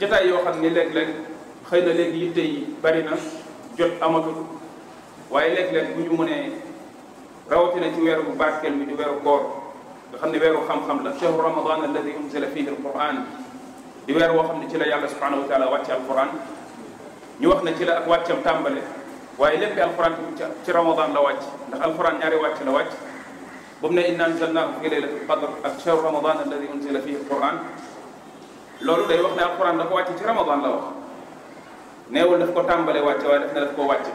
jataay yoo xam ne léeg-léeg xëy na léegi yitte yi bari na jot amatul waaye léeg-léeg bu ñu mënee rawatina ci weeru bu barkeel bi di weeru koor nga xam ne weeru xam-xam la shahru ramadan alladi unzila fihi alquran di weer woo xam ne ci la yàlla subhanahu wa taala wàcce alquran ñu wax ne ci la ak wàccam tàmbale waaye lépp alquran ci ramadan la wàcc ndax alquran ñaari wàcc la wàcc bu mu ne inna anzalnahu fi laylatil qadr ak shahru ramadan alladi unzila fihi alquran loolu day wax ne alxuraan dafa wàcc ci ramadan la wax neewul daf ko tàmbale wàcce waaye daf ne daf koo wàcce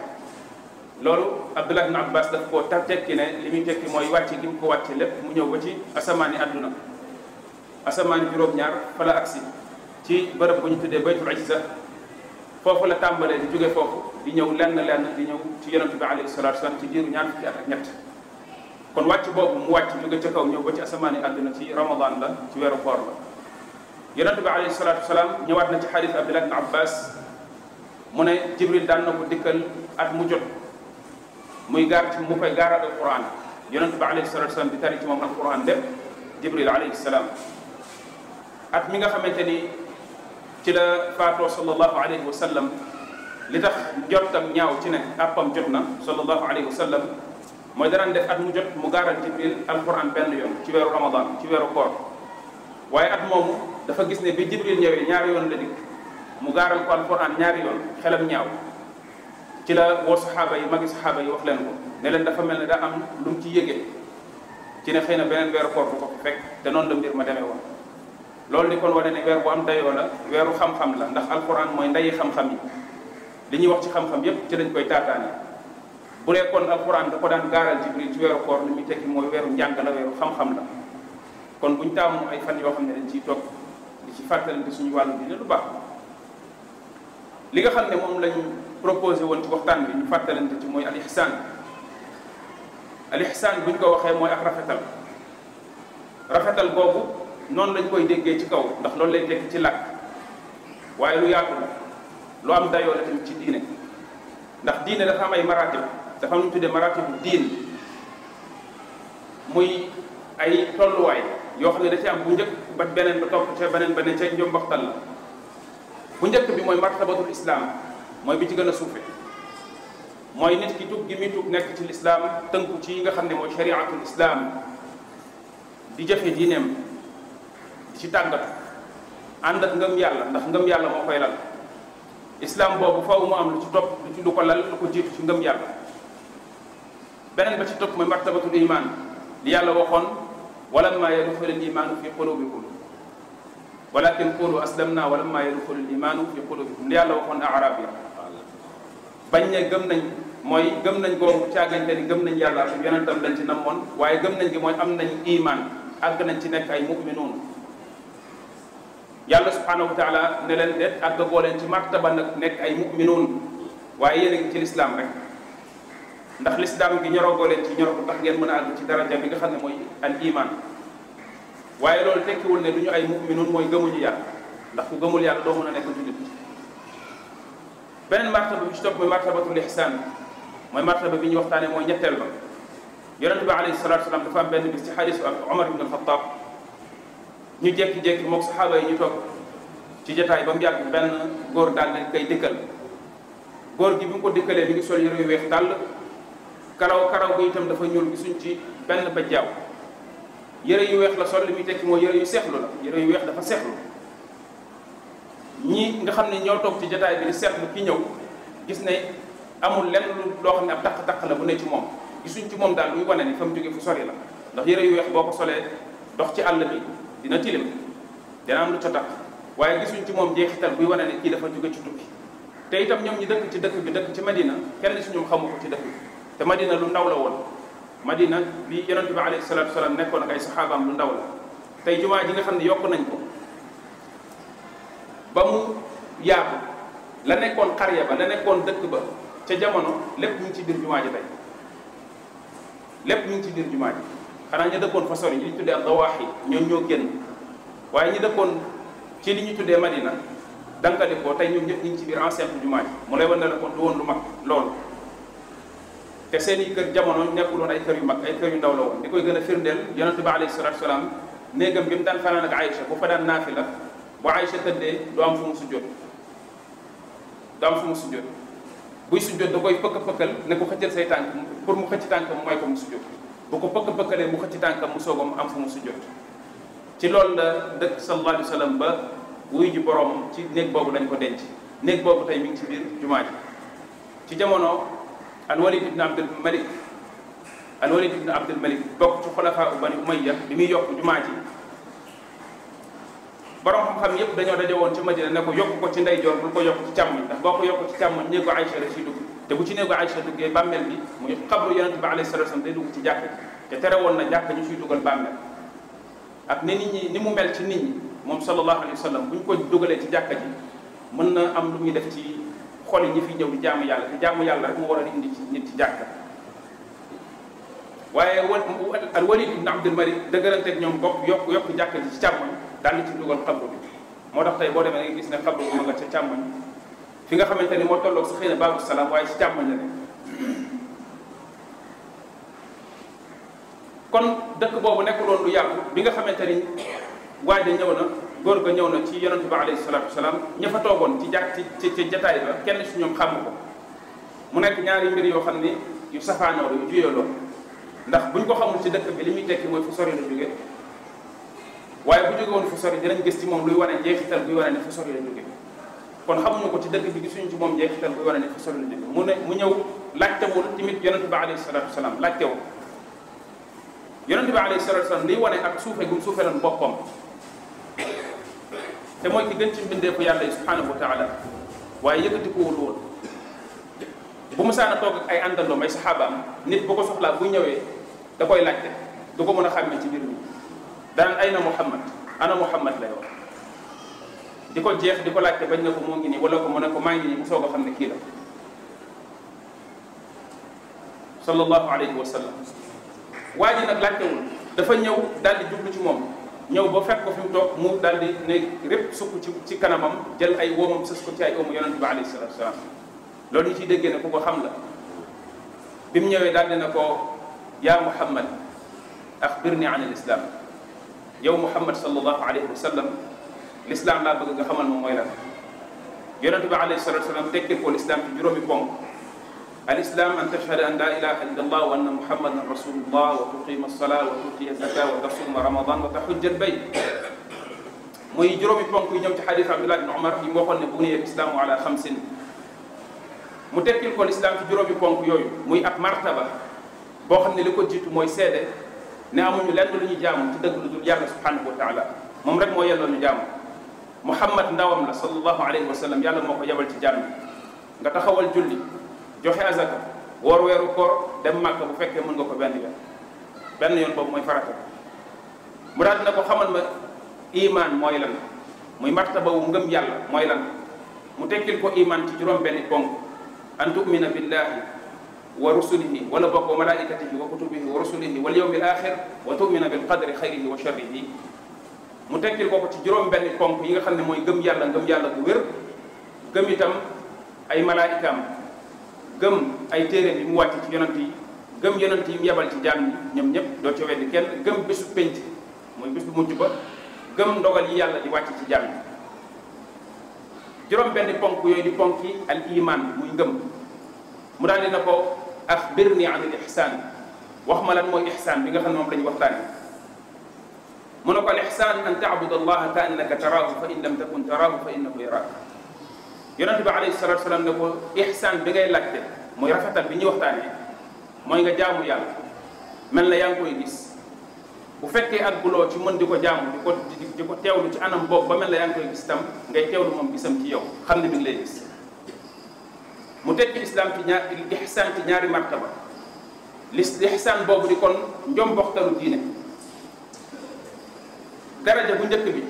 loolu abdullah ibn abbas daf koo ta tekki ne li muy tekki mooy wàcce gi mu ko wàcce lépp mu ñëw ba ci asamaani àdduna asamaani juróom-ñaar fa agsi ci bërëb bu ñu tuddee baytul izza foofu la tàmbalee di jóge foofu di ñëw lenn lenn di ñëw ci yonent bi alayhi salaatu wasalaam ci diiru ñaar fukki at ak ñett kon wàcc boobu mu wàcc jóge ca kaw ñëw ba ci asamaani àdduna ci ramadan la ci weeru koor yonent bi alayhi salaatu wasalaam ñëwaat na ci xadis abdullah ibn abbas ne jibril daan na ko dikkal at mu jot muy gaar ci mu koy gaaral alquran yonent bi alayhi salaatu wasalaam di tari ci moom alquran lépp jibril alayhi salaam at mi nga xamante ni ci la faatoo sallallahu alayhi wa li tax njottam ñaaw ci ne àppam jot na sallallahu alayhi wa sallam mooy daraan def at mu jot mu gara jibril alquran benn yoon ci weeru ramadan ci weeru koor waaye at moomu dafa gis ne bi jibril ñëwee ñaari yoon la dikk mu gaaral ko alquran ñaari yoon xelam ñaaw ci la woo saxaaba yi magi saxaaba yi wax leen ko ne leen dafa mel ne daa am lu mu ci yëgee ci ne xëy na beneen weeru koor bu ko fekk te noonu la mbir ma demee woon loolu di kon wane ne weer bu am dayoo la weeru xam-xam la ndax alquran mooy ndayi xam-xam yi li ñuy wax ci xam-xam yépp ci lañ koy taataane bu dee kon alquran da daan gaaral jibril ci weeru koor li muy tekki mooy weeru njàng la kon buñ taamu ay fan yoo xam ne dañ ciy toog di ci fàttalante suñu wàllu diine lu baax li nga xam ne moom lañ proposé woon ci waxtaan bi ñu fàttalante ci mooy al ihsaan al ihsaan buñ ko waxee mooy ak rafetal rafetal boobu noonu lañ koy déggee ci kaw ndax loolu lay tekki ci làkk waaye lu yaatu la lu am dayoo la tamit ci diine ndax diine dafa am ay maratib dafa am lu ñu tuddee maratibu diin muy ay tolluwaay yoo xam ne da ci am bu njëkk ba beneen ba topp ca beneen ba ne ca njom la bu njëkk bi mooy martabatul islaam mooy bi ci gën a suufe mooy nit ki tug gi muy tug nekk ci lislaam tënku ci yi nga xam ne mooy shariatul islaam di jëfe diineem di ci tàggatu ànd ak ngëm yàlla ndax ngëm yàlla moo koy lal islaam boobu faw mu am lu ci topp lu ci lu ko lal lu ko jiitu ci ngëm yàlla beneen ba ci topp mooy martabatul iman li yàlla waxoon walamma yadxulu limaanu fi qulubikum walakin qulu aslamna walamma yadxulu limaanu fi qulubikum li yàlla waxoon arab ya bañ ne gëm nañ mooy gëm nañ gañ càggante ni gëm nañ yàlla ak yonentam dañ ci namoon waaye gëm nañ gi mooy am nañ iman àgg nañ ci nekk ay muminuun yàlla subhanahu wa taala ne leen déet àgg boo leen ci martaba nag nekk ay muminuun waaye yéen a ci lislaam rek ndax lislaam gi ñorogoo leen ci ñor ndax ngeen mën a àgg ci daraja bi xam ne mooy al iman waaye loolu tekkiwul ne du ñu ay muminuun mooy gëmuñu yàlla ndax ku gëmul yàlla doo mën a nekk jullit beneen martaba bi ci topp mooy martabatul ihsaan mooy martaba bi ñu waxtaane mooy ñetteel ba yonente bi alayhi salatu salaam dafa am benn bis ci xadisu ak omar ibn alxataab ñu jékki-jékki mook saxaaba yi ñu toog ci jataay ba mu yàgg benn góor daal ne koy dikkal góor gi bi mu ko dikkalee mi ngi sol yëre yu weex dàll karaw karaw gi itam dafa ñuul gisuñ ci benn bajjaaw yëre yu weex la sol li muy tekki moo yëre yu seexlu la yëre yu weex dafa seexlu ñi nga xam ne ñoo toog ci jataay bi di seetlu ki ñëw gis ne amul lenn loo xam ne ab taq-taq la bu ne ci moom gisuñ ci moom daal luy wane ni fa mu jóge fu sori la ndax yëre yu weex boo ko solee dox ci àll bi dina tilim dina am lu ca taq waaye gisuñ ci moom jeexital buy wane ne kii dafa jóge ci tukki te itam ñoom ñi dëkk ci dëkk bi dëkk ci Madina kenn si ñoom xamu ko ci dëkk bi te madina lu ndaw la woon madina li yonent bi alayhi salatu wasalaam nekkoon ak ay saxaabaam lu ndaw la tey jumaa ji nga xam ne yokk nañ ko ba mu yaatu la nekkoon xarya ba la nekkoon dëkk ba ca jamono lépp ñu ngi ci biir jumaa ji tey lépp ñu ngi ci biir jumaa ji xanaa ñu dëkkoon fa sori ñu ñu tuddee ak dawaaxi ñoom ñoo génn waaye ñu dëkkoon ci li ñu tuddee madina dankalikoo tey ñoom ñëpp ñu ngi ci biir enceinte jumaa ji mu lay wan ne la kon du woon lu mag lool te seen i kër jamono nekkuloon ay kër yu mag ay kër yu ndaw la woon di koy gën a firndeel yonente bi alayhi salaatu salaam néegam bi mu daan fanaan ak Aïcha bu fa daan naafila bu Aïcha tëddee du am fu mu sujjóot du am fu mu sujjóot buy sujjóot da koy pëkk pëkkal ne ko xëccal say tànk pour mu xëcc tànkam mooy ko mu sujjóot bu ko pëkk pëkkalee mu xëcc tànkam mu soog am fu mu sujjóot ci loolu la dëkk sallallahu alayhi wa ba wuy ji boroom ci néeg boobu lañ ko denc néeg boobu tey mi ngi ci biir jumaa ji ci jamono. alwalid ibn abdul malik alwalid ibn abdul malik bokk ci xulafaa u bani umayya bi muy yokk jumaa ji borom xam-xam yépp dañoo daje woon ci madina ne ko yokk ko ci ndeyjoor bul ko yokk ci càmmoñ ndax boo ko yokk ci càmmoñ néegu Aïcha la ciy dugg te bu ci néegu Aïcha duggee bàmmeel bi muy xabru yonente bi alayhi salatu wasallam day dugg ci jàkk te tere woon na jàkk ñu ciy dugal bàmmeel ak ni ni ñi ni mu mel ci nit ñi moom sallallahu alayhi wa sallam bu ñu ko dugalee ci jàkka ji mën na am lu muy def ci xol yi ñu fi ñëw di jàmm yàlla te jaamu yàlla rek mu war a indi ci nit ci jàkk waaye al walid ibn abdul malik dëgëranteeg ñoom bokk yokk yokk jàkk ji ci càmmoñ daal ci dugal xabru bi moo tax tey boo demee nga gis ne xabru bi a nga ca càmmoñ fi nga xamante ni moo tolloog sa xëy na baabu salaam waaye ci càmmoñ la ne kon dëkk boobu nekkuloon lu yàlla bi nga xamante ni waaye da ñëw na góor ga ñëw na ci yonente bi alayhi salaatu wasalaam ña fa toogoon ci jàkk jataay ba kenn si ñoom xamu ko mu nekk ñaari mbir yoo xam ne yu safaanoo yu juyaloo ndax buñ ko xamul ci dëkk bi li muy tekki mooy fu sori la bu jóge woon fu sori dinañ gis ci moom luy wane jeexital buy wane ne fu sori la jóge kon xamuñu ko ci dëkk bi gisuñu ci moom jeexital buy wane ne fu sori la jóge mu ne mu ñëw laajtewul tamit yonente bi alayhi salaatu wasalaam laajtewul yonente bi alayhi salaatu wasalaam liy wane ak suufe gum suufe lan boppam te mooy ki gën ci mbindeeku yàlla yi subhanahu wa taala waaye yëkkati ko wul woon bu mu saana toog ak ay àndandoom ay saxaabaam nit boo ko soxlaa bu ñëwee da koy laajte du ko mën a xàmmee ci mbir mi daan ay na muhammad ana muhammad lay wax di ko jeex di ko laajte bañ na ko moo ngi nii wala ko mu ne ko maa ngi nii mu soog a xam ne kii la sallallahu alayhi wa sallam waa ji nag laajtewul dafa ñëw daal di jublu ci moom ñëw ba fekk ko fi mu toog mu daal di ne répp sukk ci ci kanamam jël ay woomam sës ko ci ay oomu yonent bi alayhi salaatu salaam loolu ñu ciy déggee ne ku ko xam la bi mu ñëwee daal di na ko yaa muhammad axbirni an al islam yow muhammad sallallahu alayhi wa sallam l'islam laa bëgg nga xamal moom mooy lan yonent bi alayhi salaatu salaam tekkil ko l'islam ci juróomi ponk الإسلام أن تشهد أن لا إله إلا الله وأن محمدا رسول الله وتقيم الصلاة وتؤتي الزكاة وتصوم رمضان وتحج البيت muy juróomi ponk yi ñëw ci xadis Abdullah bin Omar yi mu waxoon ne buniya lislaamu ala xamsin mu tekkil ko lislaam ci juróomi ponk yooyu muy ab martaba boo xam ne li ko jiitu mooy seede ne amuñu lenn lu ñu jaamu ci dëgg lu dul yàlla subhanahu wa taala moom rek moo yelloo ñu jaamu muhammad ndawam la sallallahu alayhi wa sallam yàlla moo ko yabal ci jaam nga taxawal julli joxe azaka woor weeru koor dem màkka bu fekkee mën nga ko benn yoon benn yoon boobu mooy farata mu daal dina ko xamal ma imaan mooy lan muy martaba wu ngëm yàlla mooy lan mu tekkil ko imaan ci juróom benn ponk an tumina billahi wa rusulihi wala bokk wa malaikatihi wa kutubihi wa rusulihi wal yawmil axir wa tumina bil qadri xayrihi wa sharrihi mu tekkil ko ci juróom benn ponk yi nga xam ne mooy gëm yàlla ngëm yàlla bu wér gëm itam ay malaikaam gëm ay téere bi mu wàcc ci yonant yi gëm yonant yi mu yebal ci jaam yi ñoom ñëpp doo ci weddi kenn gëm bésu pénc mooy bés bu ba gëm ndogal yi yàlla di wàcc ci jaam yi juróom benn ponk yooyu di ponk yi al iman muy ngëm mu daal dina ko axbirni an al ihsaan wax ma lan mooy ihsaan bi nga xam ne moom la ñu waxtaanee mu ne ko al ihsaan an taabud allaha ka annaka taraahu fa in lam takun taraahu fa innahu yaraak yonent bi alayhi salaatu salaam ne ko ihsaan bi ngay laajte mooy rafetal bi ñuy waxtaanee mooy nga jaamu yàlla mel na yaa ngi koy gis bu fekkee ak buloo ci mën di ko jaamu di ko di ko ci anam boobu ba mel na yaa gis tam ngay teewlu moom gisam ci yow xam ne mi lay gis mu tekki islam ci ñaar ihsaan ci ñaari martaba ihsaan boobu di kon njomboxtalu diine daraja bu njëkk bi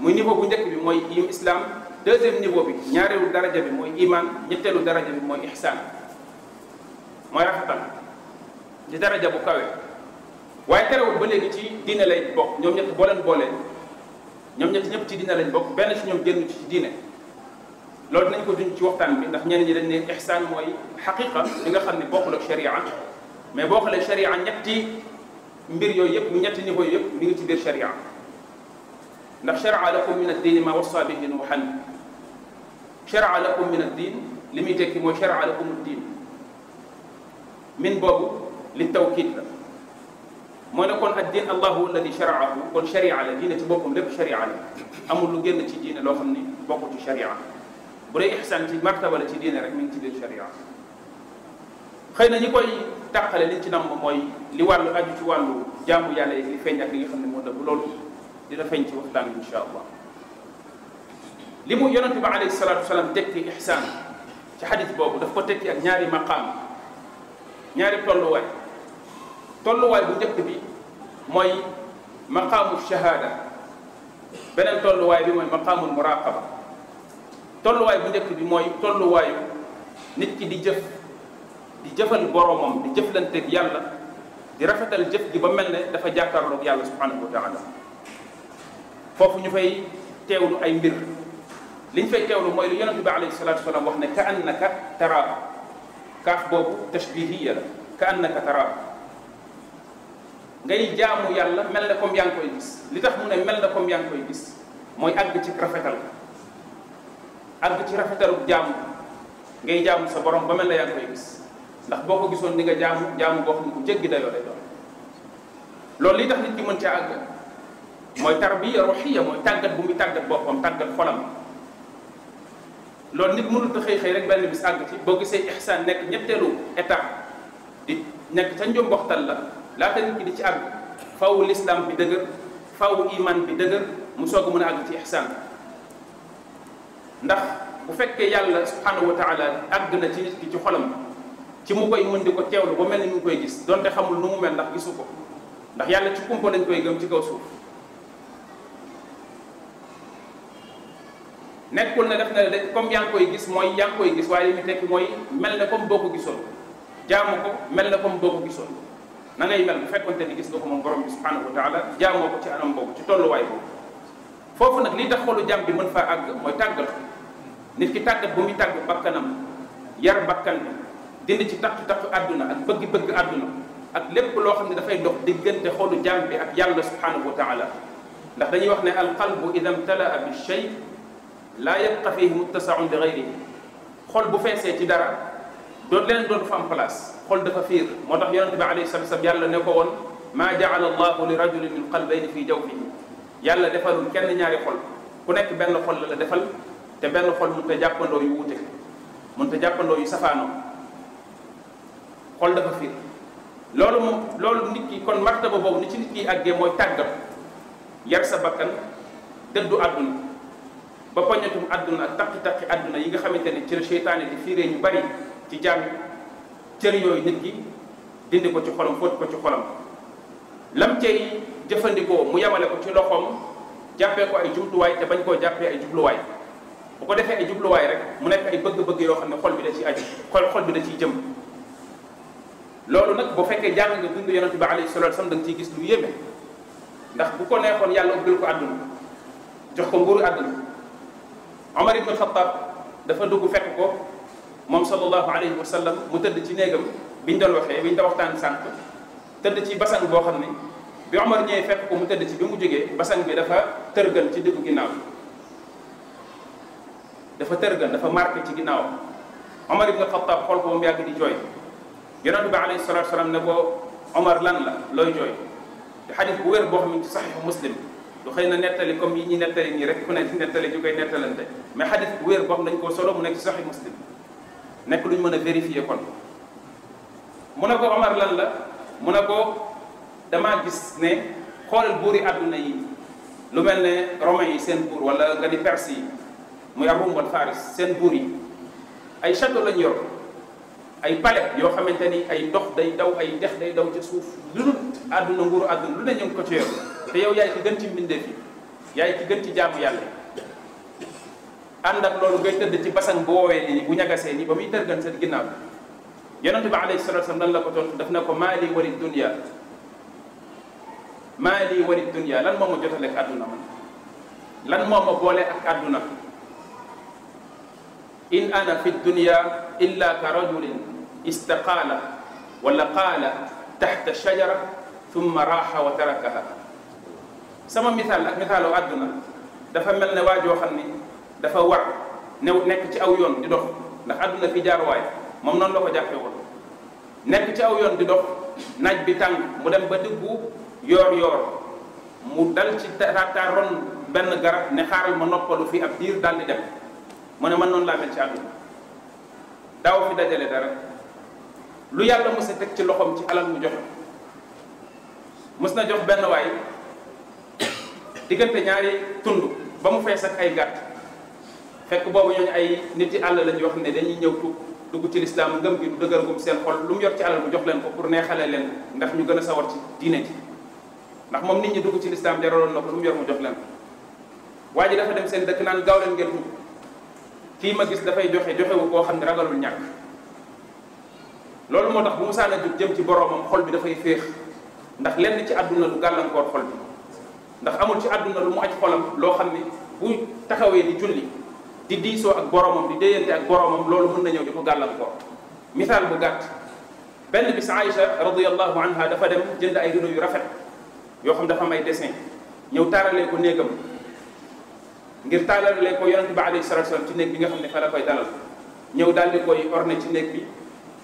muy niveau bu njëkk bi mooy im islam deuxième niveau bi ñaareelu daraja bi mooy iman ñetteelu daraja bi mooy ihsaan mooy rafetal di daraja bu kawe waaye terewul ba léegi ci diine lay bokk ñoom ñett boo leen boolee ñoom ñett ñëpp ci diine lañ bokk benn ci ñoom génn ci diine loolu dinañ ko duñ ci waxtaan bi ndax ñeneen ñi dañ ne ihsaan mooy xaqiqa li nga xam ne bokkul ak sharia mais bokkul ak sharia ñetti mbir yooyu yëpp ñetti niveau yooyu yëpp mi ngi ci biir sharia ndax sharia lakum min ad-diini ma wassa bihi nuuhan shara lakum min ad-din li muy tekki mooy shara lakum ad-din min boobu li tawkiid la mooy ne kon ad-din allahu alladi sharaahu kon sharia la diine ci boppam lépp sharia la amul lu génn ci diine loo xam ni bokku ci sharia bu dee ihsaan ci martaba la ci diine rek mi ngi ci biir sharia xëy na ñi koy tàqale liñ ci namb mooy li wàllu aju ci wàllu jaamu yàlla yi li feeñ ak li nga xam ne moo dëgg loolu dina feeñ ci waxtaan bi incha allah li mu yonent bi salaat salaatu wasalaam tekki ihsaan ci xadis boobu daf ko tekki ak ñaari maqaam ñaari tolluwaay tolluwaay bu njëkk bi mooy maqaamu shahaada beneen tolluwaay bi mooy maqaamul muraqaba tolluwaay bu njëkk bi mooy tolluwaayu nit ki di jëf di jëfal boromam di jëflanteeg yàlla di rafetal jëf gi ba mel ne dafa jàkkaarloog yàlla subhanahu wa taala foofu ñu fay teewlu ay mbir liñ fay teewlu mooy lu yonent bi alayhi salaatu wasalaam wax ne ka annaka taraahu kaaf boobu tashbihiya la ka annaka taraahu ngay jaamu yàlla mel na comme yaa ngi koy gis li tax mu ne mel na comme yaa ngi koy gis mooy àgg ci rafetal àgg ci rafetalu jaamu ngay jaamu sa borom ba mel na yaa ngi koy gis ndax boo ko gisoon ni nga jaamu jaamu boo xam ne bu jéggi dayoo loolu li tax nit ki mën caa àgg mooy tarbiya ruhiya mooy tàggat bu muy tàggat boppam tàggat xolam loolu nit mënut a xëy xëy rek benn bis àgg ci boo gisee ihsaan nekk ñetteelu étape di nekk ca njom waxtal la laata nit ki di ci àgg faw l'islam bi dëgër faw iman bi dëgër mu soog a mën a àgg ci ihsaan ndax bu fekkee yàlla subhanahu wa taala àgg na ci nit ci xolam ci mu koy mën di ko lu ba mel ni mu koy gis donte xamul nu mu mel ndax gisu ko ndax yàlla ci kumpa koy gëm ci kaw suuf nekkul ne def na la comme yaa ngi koy gis mooy yaa ngi koy gis waaye li mu mooy mel na comme boo ko gisoon jaamu ko mel na kom boo ko gisoon na ngay mel bu fekkonte ni gis nga ko moom borom bi subhanahu wa taala jaamoo ko ci anam boobu ci tolluwaay boobu foofu nag lii tax xolu jaam bi mën faa àgg mooy tàggal nit ki tàggat bu muy tàgg bakkanam yar bakkan bi dindi ci takku takku àdduna ak bëgg-bëgg àdduna ak lépp loo xam ne dafay dox diggante xolu jaam bi ak yàlla subhanahu wa taala ndax dañuy wax ne alqalbu idam talaa bi shay laa yabqa fihi muttasaun li gayrihi xol bu feesee ci dara doo leen doon fa am place xol dafa fiir moo tax yonente bi alayhi salatu wasalam yàlla ne ko woon maa jaala allahu li rajulin min qalbayni fi jawfihi yàlla defalul kenn ñaari xol ku nekk benn xol la la defal te benn xol mënut a jàppandoo yu wuute mënut a jàppandoo yu safaanoo xol dafa fiir loolu moom loolu nit ki kon martaba boobu ni ci nit ki àggee mooy tàggat yar sa bakkan dëddu àdduna ba poñatum àdduna ak taqi-taqi àdduna yi nga xamante ne ci la seytaane di fiiree ñu bari ci jàng cër yooyu nit ki dindi ko ci xolam fóot ko ci xolam lam cey jëfandikoo mu yamale ko ci loxoom jàppee ko ay jubluwaay te bañ koo jàppee ay jubluwaay bu ko defee ay jubluwaay rek mu nekk ay bëgg-bëgg yoo xam ne xol bi da ciy aju xol xol bi da ciy jëm loolu nag bu fekkee jàng nga dund yonente bi alayhi salatu wasallam da nga ciy gis lu yéeme ndax bu ko neexoon yàlla ubbil ko àdduna jox ko nguuru àdduna Omar ibn Khattab dafa dugg fekk ko moom sallallahu alayhi wa sallam mu tëdd ci néegam biñ doon waxee biñ doon waxtaan sànq tëdd ci basan boo xam ne bi Omar ñëwee fekk ko mu tëdd ci bi mu jógee basan bi dafa tërgën ci diggu ginnaaw dafa tërgën dafa marqué ci ginnaaw Omar ibn Khattab xool ko moom yàgg di jooy yonent bi alayhi salatu wasalaam ne boo Omar lan la looy jooy te xadis bu wér boo xam ne ci saxiixu muslim du xëy na nettali comme yi ñi nettali nii rek ku ne nettali ñu koy nettalante mais xadis bu wér boobu dañ koo solo mu nekk ci saxi muslim nekk lu ñu mën a vérifier kon mu ne ko Omar lan la mu ne ko damaa gis ne xoolal buuri àdduna yi lu mel ne romains yi seen buur wala nga di perse yi muy Rum wal Faris seen buur yi ay château lañ yor ay palais yoo xamante ni ay ndox day daw ay dex day daw ca suuf lu dul àdduna nguuru àdduna lu ne ñu ngi ko ci te yow yaay ki gën ci mbindeef yi yaay ki gën ci jaamu yàlla ànd ak loolu ngay tëdd ci basan bu woowee nii bu ñagasee nii ba muy dërgan sa ginnaaw yonente bi alayhi salatu wasalam lan la ko tontu daf na ko maali wari dunia maali wari dunia lan moo ma jotale ak àdduna man lan moo ma boole ak àdduna in ana fi dunia illa ka rajulin istaqaala wala qaala taxta shajara thumma raaxa wa tarakaha sama misaal ak misaaloo àdduna dafa mel ne waajoo xam ni dafa war new nekk ci aw yoon di dox ndax àdduna fi jaaruwaay moom noonu la ko jàppe woon nekk ci aw yoon di dox naaj bi tàng mu dem ba diggu yoor yoor mu dal ci taataroon benn garab ne xaaral ma noppalu fi ab diir daal di dem mu ne man noonu laa mel ci àdduna daaw fi dajale dara lu yàlla mës a teg ci loxoom ci alal mu joxe mës na jox benn waay diggante ñaari tund ba mu fees ak ay gàtt fekk boobu ñooñu ay nit yi àll lañ yoo xam ne dañuy ñëw tu dugg ci lislaam ngëm bi du dëgëragum seen xol lu mu yor ci alal bu jox leen ko pour neexale leen ndax ñu gën a sawar ci diine ji ndax moom nit ñi dugg ci lislaam jaraloon na ko lu mu yor mu jox leen ko waa ji dafa dem seen dëkk naan gaaw leen ngeen dugg kii ma gis dafay joxe joxewu koo xam ne ragalul ñàkk loolu moo tax bu mu saana jëm ci boroomam xol bi dafay féex ndax lenn ci àdduna du gàllankoor xol bi ndax amul ci àdduna lu mu aj xolam loo xam ne bu taxawee di julli di diisoo ak boromam di déyante ak boromam loolu mën na ñëw di ko gàllankoor misaal bu gàtt benn bis Aïcha radiyallahu anha dafa dem jënd ay rido yu rafet yoo xam dafa am ay dessin ñëw taaralee ko néegam ngir taaralee ko yonente bi alayhi salatu wasalam ci néeg bi nga xam ne fa la koy dalal ñëw daal di koy orné ci néeg bi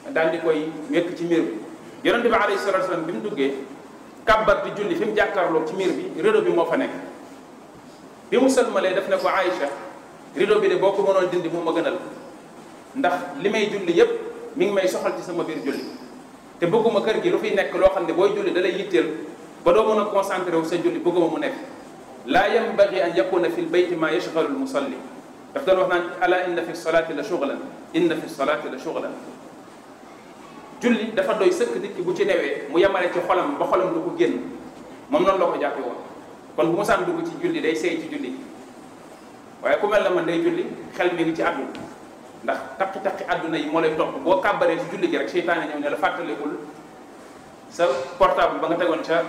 daal di koy wekk ci miir bi yonente bi alayhi salatu wasalam bi mu duggee kàbbat bi julli fi mu jàkkaarloog ci miir bi rideau bi moo fa nekk bi mu sëlmalee daf ne ko Aïcha rideau bi de boo ko mënoon dindi mu ma gënal ndax li may julli yépp mi ngi may soxal ci sama biir julli te bëgguma kër gi lu fiy nekk loo xam ne booy julli dalay yitteel ba doo mën a concentré wu sa julli bëgguma mu nekk laa yambagi an yakuna fi l bayti ma yashgalu l musalli daf doon wax naan ala inna fi salaati la shuglan inna fi salaati la shuglan julli dafa doy sëkk nit bu ci newee mu yemale ci xolam ba xolam du ko génn moom noonu la ko jàppe woon kon bu mosaan dugg ci julli day seey ci julli waaye ku mel na man day julli xel mi ngi ci àdduna ndax taqi-taqi àdduna yi moo lay topp boo kàbbaree ci julli gi rek seytaane ñëw ne la fàttalikul sa portable ba nga tegoon ca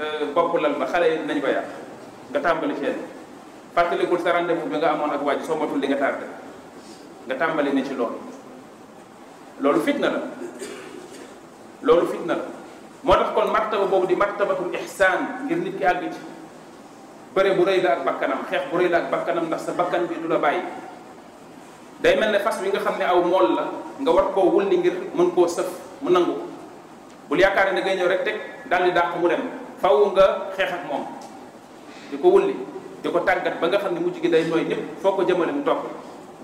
euh, bopp lal ba xale yi nañ ko yàq nga tàmbali seen fàttalikul sa rendez-vous bi nga amoon ak waa ji soo matul li nga tardé nga tàmbali ne ci loolu loolu fitna la loolu fitna la moo tax kon martaba boobu di martabatul ihsaan ngir nit ki àgg ci bëre bu rëy la ak bakkanam xeex bu rëy la ak bakkanam ndax sa bakkan bi du la bàyyi day mel ne fas wi nga xam ne aw mool la nga wat koo wulli ngir mën koo sëf mu nangu bul yaakaar ne da ngay ñëw rek teg daal di dàq mu dem faw nga xeex ak moom di ko wulli di ko tàggat ba nga xam ne mujj gi day nooy ñëpp foo ko jëmale mu topp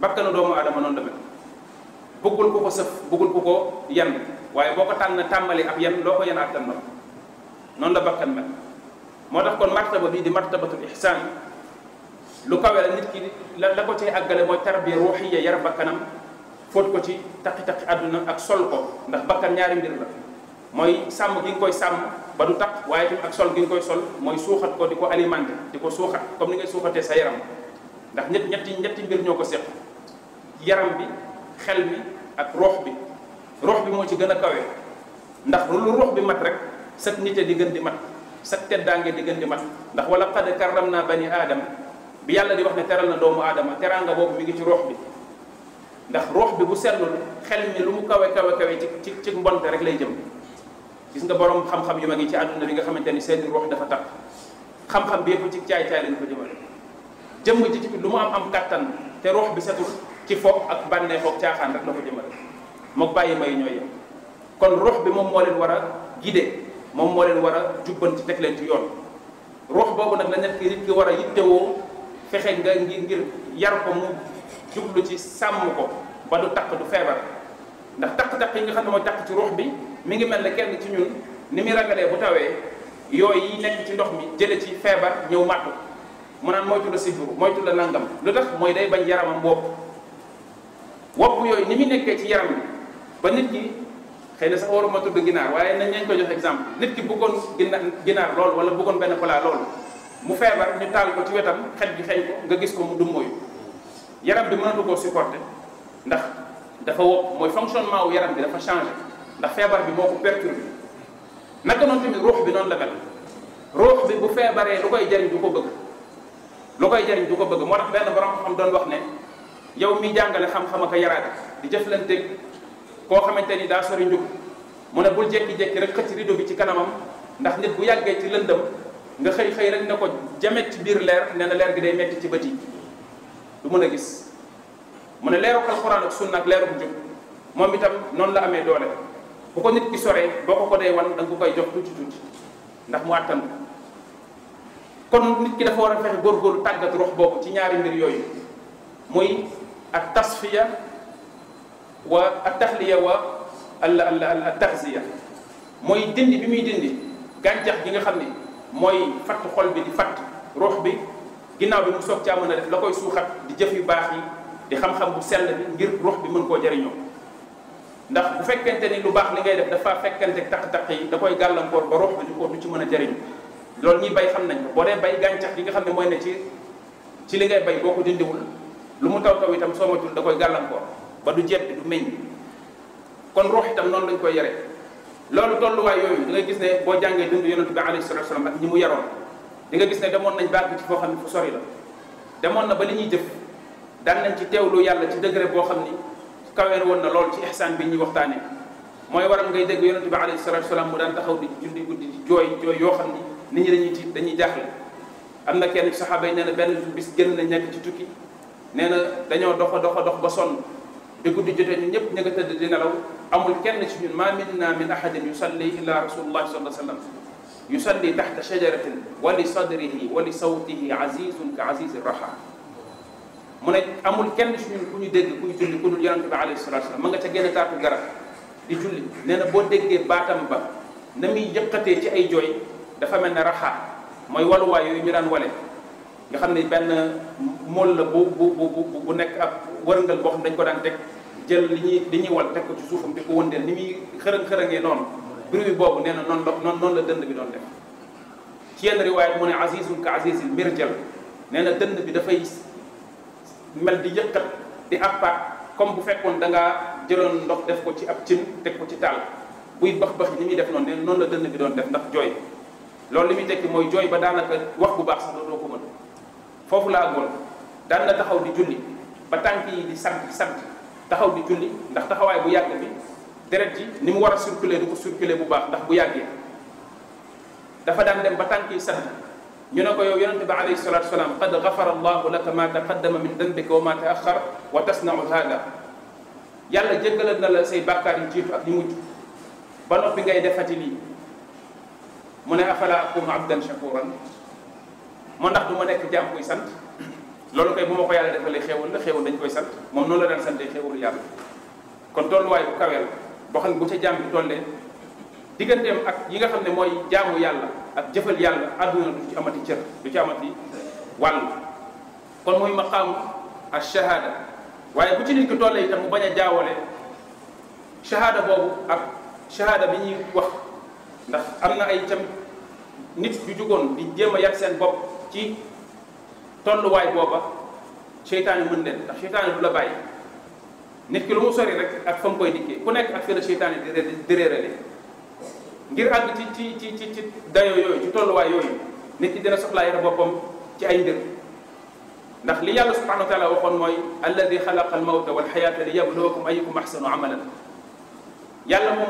bakkanu doomu aadama noonu la mel bëggul ku ko sëf bëggul ko ko yenn waaye boo ko tànn tàmbali ab yan loo ko yenn attan na noonu la bakkan mel moo tax kon martaba bii di martabatul ihsaan lu kawe la nit ki la la ko cay àggale mooy tarbiya ruuxiya yar bakkanam fóot ko ci taqi-taqi àdduna ak sol ko ndax bakkan ñaari mbir la mooy sàmm gi nga koy sàmm ba du taq waaye tam ak sol gi nga koy sol mooy suuxat ko di ko alimenté di ko suuxat comme ni nga suuxatee sa yaram ndax ñett ñetti ñetti mbir ñoo ko séq bi xel bi ak rox bi roox bi moo ci gën a kawe ndax lu roox bi mat rek sag nite di gën di mat sag teddaange di gën di mat ndax wala qad karram naa bani aadama bi yàlla di wax ne teral na doomu aadama teraanga boobu mi ngi ci roox bi ndax roox bi bu setlul xel mi lu mu kawe kawe kawe ci ci ci mbonte rek lay jëm gis nga borom xam-xam yu mag ci àdduna bi nga xamante ni seeni rox dafa tax xam-xam bi ci caay-caay lañ ko jëmale jëmm ji ci mu am am kattan te roox bi setul ci foofu ak bànnee foog caaxaan rek la ko jëmale mook bàyyi may ñooy yem kon ruux bi moom moo leen wara a guider moom moo leen war a ci teg leen ci yoon ruux boobu nag la nekk nit ki war a yittewoo fexe nga ngir ngir yar ko mu jublu ci sàmm ko ba du taq du feebar ndax taq-taq yi nga xam ne mooy taq ci ruux bi mi ngi mel ne kenn ci ñun ni muy ragalee bu tawee yooyu yi nekk ci ndox mi jële ci feebar ñëw màttu mu naan moytu la sibiru moytu la nangam lu tax mooy day bañ yaramam boobu wopp yooyu ni muy nekkee ci yaram bi ba nit ki xëy na sax waruma tudd ginaar waaye nañ lañ ko jox exemple nit ki bëggoon ginaar ginaar lool wala bëggoon benn plat lool mu feebar ñu taal ko ci wetam xet gi xeeñ ko nga gis ko mu dummóoyu yaram bi mënatu koo supporter ndax dafa wopp mooy fonctionnement wu yaram bi dafa changé ndax feebar bi moo ko bi naka noonu tamit ruux bi noonu la mel ruux bi bu feebaree lu koy jariñ du ko bëgg lu koy jariñ du ko bëgg moo tax benn borom xam doon yow mi jàngale xam-xam ak yaraate di jëflanteeg koo xamante ni daa sori njub mu ne bul jekki-jekki rek xëcc rido bi ci kanamam ndax nit ku yàggee ci lëndëm nga xëy xëy rek ne ko jamet ci biir leer nee na leer gi day metti ci bët yi du mën a gis mu ne leeru alxuraan ak sunna ak bu njub moom itam noonu la amee doole bu ko nit ki soree boo ko ko dee wan da nga ko koy jox tuuti tuuti ndax mu àttan kon nit ki dafa war a fexe góorgóorlu tàggat rox ci ñaari mbir yooyu ak wa التصفية والتحلية والتغذية mooy dindi bi muy dindi gàncax gi nga xam ne mooy fatt xol bi di fatt ruux bi ginnaaw bi mu soog caa mën a def la koy suuxat di jëf yu baax yi di xam-xam bu sell bi ngir ruux bi mën koo jariñoo ndax bu fekkente ni lu baax li ngay def dafa fekkente taq-taq yi da koy gàllankoor ba ruux bi ko du ci mën a jariñ loolu ñuy bay xam nañ boo dee bay gàncax gi nga xam ne mooy ne ci ci li ngay bay boo ko dindiwul lu mu taw taw itam soo matul da koy gàllankoor ba du jebbi du meññ kon ruux itam noonu lañ koy yare loolu tolluwaay yooyu da gis ne boo jàngee dund yonent bi alayhi salatu wasalam ak ñi mu yaroon di nga gis ne demoon nañ bàgg ci foo xam ne fu sori la demoon na ba li ñuy jëf daan nañ ci teewlu yàlla ci degré boo xam ni kaween woon na lool ci ihsaan bi ñuy waxtaanee mooy waral ngay dégg yonent bi alayhi salatu wasalam mu daan taxaw di jundi guddi di jooy yoo xam ni nit ñi dañuy tiit dañuy jaaxle am na kenn saxaaba yi nee na benn bis génn na nekk ci tukki nee na dañoo doxa doxa dox ba sonn bi guddi jotee ñun ñëpp ña nga tëdd di nelaw amul kenn ci ñun maa minna min ahadin yusalli illa rasulullahi sallallahu alayhi wa sallam yusalli taxta shajaratin wa li sadrihi wa li sawtihi azizun ka azizi raha mu ne amul kenn ci ñun ku ñu dégg kuy ku dul yonente bi alayhi salatu wasalam ma nga ca génn taatu garab di julli nee na boo déggee baatam ba na muy yëqatee ci ay jooy dafa mel ne raxaa mooy waluwaay yooyu ñu wale nga xam ne benn mool la bu bu bu bu nekk ab wërngal boo xam dañ ko daan teg jël li ñuy li ñuy wal teg ko ci suufam di ko wëndeel ni muy xërëng-xërëngee noonu bruit boobu nee na noonu la noonu noonu la dënd bi doon ci yenn riwaayat mu ne azizun ka azizil mirjal nee na dënd bi dafay mel di yëkkat di appaat comme bu fekkoon da jëloon ndox def ko ci ab cin teg ko ci taal buy bax bax ni muy def noonu nee noonu la dënd bi doon def ndax jooy loolu li muy tekki mooy jooy ba daanaka wax bu baax foofu laa goon daan na taxaw di julli ba tànk yi di sant sant taxaw di julli ndax taxawaay bu yàgg bi deret ji ni mu war a circuler du ko circuler bu baax ndax bu yàggee dafa daan dem ba tànk yi sant ñu ne ko yow yonente bi alayhi salatu wasalaam qad gafara allahu laka ma taqaddama min dambika wa ma taaxar wa tasnau hada yàlla jéggalal na la sey bàkkaar yu jiitu ak yu mujj ba noppi ngay defati lii mu ne afala akunu abdan shakuran moo ndax du ma nekk jaam koy sant loolu koy bu ma ko yàlla defalee xéewal na xéewal dañ koy sant moom noonu la daan santee xéewalu yàlla kon tolluwaay bu kaweel boo xam ne bu ca jaam bi tollee ak yi nga xam ne mooy jaamu yàlla ak jëfal yàlla àdduna du ci amati du ci amati wàll kon mooy maqaamu waaye bu ci nit ki tollee itam mu bañ a jaawale shahaada boobu ak shahaada bi ñuy wax ndax am na ay cam nit yu jugoon di jéem a seen bopp ci tolluwaay booba seytaane mën leen ndax seytaane du la bàyyi nit ki lu mu sori rek ak fa koy dikkee ku nekk ak fi la seytaane di di ngir àgg ci ci ci ci ci dayoo yooyu ci tolluwaay yooyu nit ki dina boppam ci ay mbir ndax li yàlla subhanahu wa taala waxoon mooy alladi xalaqa almawta walxayaata li yabluwakum ayukum axsanu amalan yàlla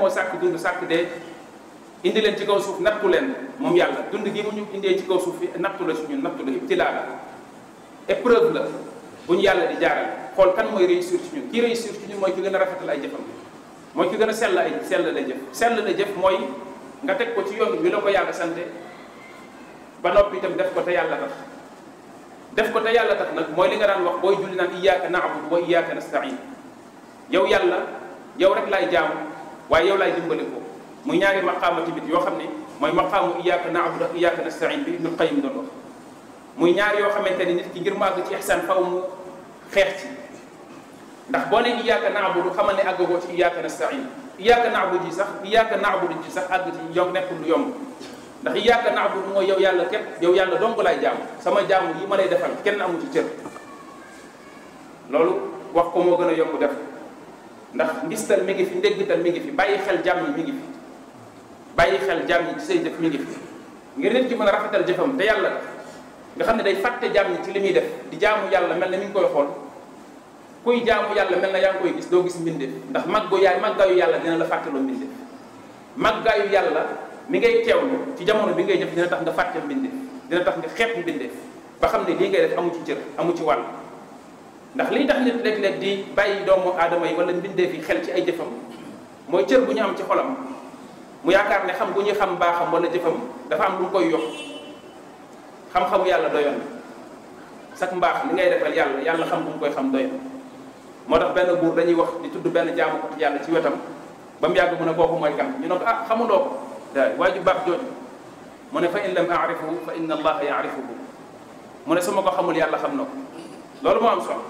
indi leen ci kaw suuf nattu leen mu yàlla dund gi mu ñu indee ci kaw suuf fi su la si ñun nattu la ibtilaa la épreuve la bu ñu yàlla di jaaral xool kan mooy réussir ci ñun kii réussir ci ñun mooy ki gën a rafetal ay jëfam mooy ki gën a sell ay sell la jëf sell la jëf mooy nga teg ko ci yoon bi la ko yàlla sante ba noppi itam def ko te yàlla tax def ko te yàlla tax nag mooy li nga daan wax booy julli naan iyyaka na'budu wa iyyaka nasta'in yow yàlla yow rek laay waaye yow laay dimbali ko muy ñaari maqaama tamit yoo xam ne mooy maqaamu iyaaka naabudu ak iyaaka nastain bi ibnul qayim doon wax muy ñaar yoo xamante ne nit ki ngir mu àgg ci ihsaan faw mu xeex ci ndax boo ne iyaaka naabudu xamal ne àggagoo ci iyaaka nastain iyaaka naabudu ji sax iyaaka naabudu ji sax àgg ci yow nekkul lu yomb ndax iyaaka naabudu mooy yow yàlla képp yow yàlla dong laay jaamu sama jaamu yi ma lay defal kenn amu ci cër loolu wax ko moo gën a yomb def ndax ngistal mi ngi fi ndéggital mi ngi fi bàyyi xel jàmm mi ngi fi bàyyi xel jaam yi ci say def mu ngi fi ngir nit ki mën a rafetal jëfam te yàlla nga xam ne day fàtte jaam ñi ci li muy def di jaamu yàlla mel na mi ngi koy xool kuy jaamu yàlla mel na yaa ngi koy gis doo gis mbindeef ndax màggu yaay màggaayu yàlla dina la fàttaloo mbindeef yu yàlla mi ngay teewlu ci jamono bi ngay jëf dina tax nga fàtte mbindeef dina tax nga xeeb mbindeef ba xam ne lii ngay def amu ci cër amu ci wàll ndax liy tax nit léeg-léeg di bàyyi doomu aadama yi wala mbindeef yi xel ci ay jëfam mooy cër bu ñu am ci xolam mu yaakaar ne xam gu ñuy xam baaxam wala jëfam dafa am lu koy yox xam-xamu yàlla doyoon sax mbaax li ngay defal yàlla yàlla xam bu mu koy xam moo tax benn buur dañuy wax di tudd benn jaamu ko ci wetam ba mu yàgg mu ne kooku mooy kan ñu ne ah, xamuloo ko waa ju baax jooju mu ne fa in lam arifuhu fa inna allaha yarifuhu mu ne su ma ko xamul yàlla xam na ko moo am solo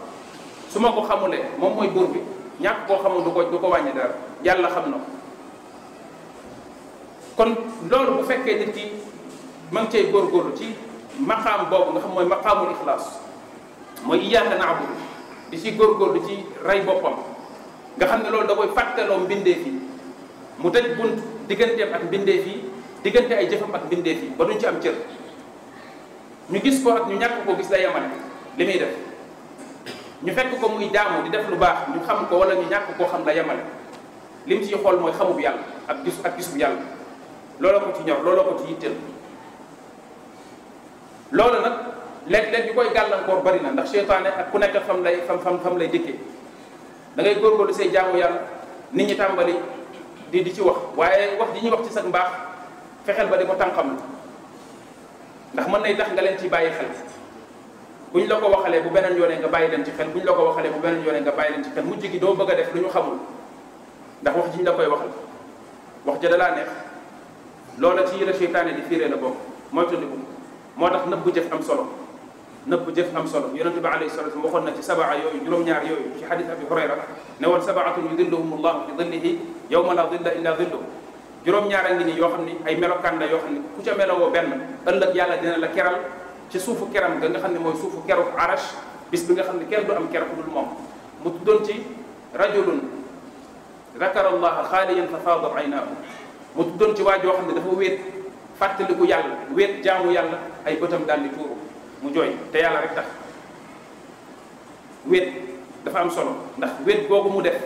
su ma ko xamulee moom mooy buur bi ñàkk koo xamul du ko du ko wàññi dara yàlla xam na kon loolu bu fekkee nit ki man ngi góor góorgóorlu ci maqaam boobu nga xam mooy maqaamul ixlaas mooy iyaaka naabudu di ci góor góorgóorlu ci rey boppam nga xam ne loolu da koy fàttaloo mbindeef yi mu tëj bunt digganteem ak mbindeef yi diggante ay jëfam ak mbindeef yi ba duñ ci am cër ñu gis ko ak ñu ñàkk ko gis la yemale li muy def ñu fekk ko muy jaamu di def lu baax ñu xam ko wala ñu ñàkk koo xam la li lim ciy xool mooy xamub yàlla ak gis ak gis yàlla looloo ko ci ñor looloo ko ci yitteel loolu nag léeg-léeg ñu koy gàllankoor bari na ndax seytaane ak ku nekk fam lay fam fam fam lay dikkee da ngay góorgóorlu say jaamu yàlla nit ñi tàmbali di di ci wax waaye wax ji ñuy wax ci sag mbaax fexeel ba di ko tànqam ndax mën nay tax nga leen ci bàyyi xel bu ñu la ko waxalee bu beneen yoonee nga bàyyi leen ci xel bu ñu la ko waxale bu beneen yoonee nga bàyyi leen ci xel mujj gi doo bëgg a def lu ñu xamul ndax wax ji ñu koy waxal wax laa neex loola ci yële seytaane di fiiree la bokk moytandiku moo tax nëbbu jëf am solo nëbbu jëf am solo yonente bi alayhi salatu waxoon na ci sabaa yooyu juróom-ñaar yooyu ci xadis abi hurayra ne woon sabaatun yudilluhum allahu fi dillihi yowma la dilla illa dilluhu juróom-ñaar a ngi nii yoo xam ni ay melokaan la yoo xam ni ku ca melowoo benn ëllëg yàlla dina la keral ci suufu keram ga nga xam ne mooy suufu keru arash bis bi nga xam ne kenn du am ker ku moom mu tuddoon ci rajulun zakara allaha xaaliyan fa faadat aynaahu mu tuddoon ci waa joo xam ne dafa wéet fàttaliku yàlla wéet jaamu yàlla ay bëtam daal di tuuru mu jooy te yàlla rek tax wéet dafa am solo ndax wéet googu mu def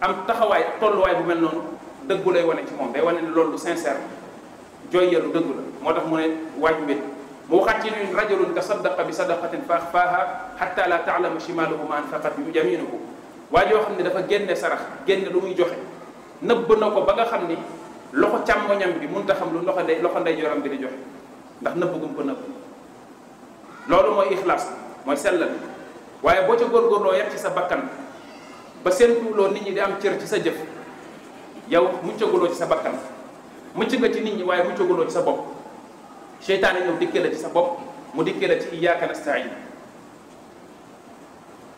am taxawaay tolluwaay bu mel noonu dëggu lay wane ci moom day wane ne loolu lu sincère jooy ya lu dëggu la moo tax mu ne waaj wéet mu waxaat ci ñun rajulun tasaddaqa bi sadaqatin fa axfaaha hatta la ta'lama shimaluhu ma anfaqat yaminuhu waa joo xam ne dafa génne sarax génne lu muy joxe nëbb na ko ba nga xam ni loxo càmmoñam bi mënut a xam lu loxo ndey loxo ndeyjooram bi di joxe ndax nëbb gum ko nëbb loolu mooy ixlaas mooy sellal waaye boo ca góorgóorloo yem ci sa bakkan ba seen tuuloo nit ñi di am cër ci sa jëf yow muccaguloo ci sa bakkan mucc nga ci nit ñi waaye muccaguloo ci sa bopp seytaane ñëw dikkee la ci sa bopp mu dikkee la ci iyyaka nasta'in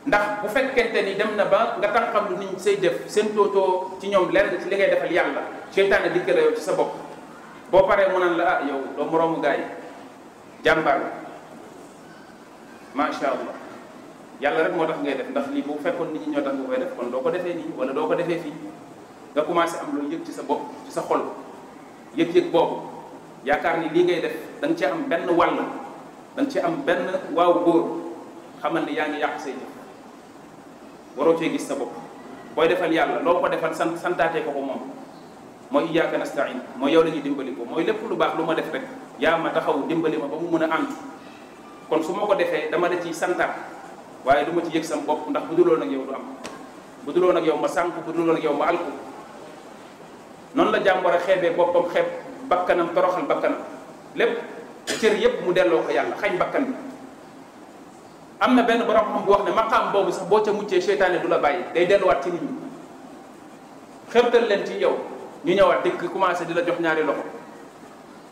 ndax bu fekkente ni dem na ba nga tànqam lu nit ñi say jëf seen ci ñoom lenn ci li ngay defal yàlla seytaane dikke la yow ci sa bopp boo paree mu naan la ah yow doo moroomu gars yi jàmbaar macha allah yàlla rek moo tax ngay def ndax lii bu fekkoon nit ñi ñoo tax nga koy def kon doo ko defee nii wala doo ko fii nga commencé am loolu yëg ci sa bopp ci sa xol yëg-yëg boobu yaakaar ni lii ngay def da nga ci am benn wàll da nga ci am benn waaw góor xamal ni yaa ngi yàq say jëf waroo cee gis sa bopp booy defal yàlla loo ko defal sant santaatee ko ko moom mooy iyyaka nasta'in mooy yow la ñuy dimbali ko mooy lépp lu baax lu ma def rek yaa ma taxawu dimbali ma ba mu mën a ànd kon su ma ko defee dama la ciy santaat waaye du ma ci yëg sam bopp ndax bu duloon ak yow du am bu duloon ak yow ma sànku bu duloon ak yow ma alku noonu la jàmm war a xeebee boppam xeeb bakkanam toroxal bakkanam lépp cër yépp mu delloo ko yàlla xañ bakkan bi am na benn borom xam bu wax ne maqaam boobu sax boo ca muccee seytaane du la bàyyi day delluwaat ci nit ñi leen ci yow ñu ñëwaat dikk commencé di la jox ñaari loxo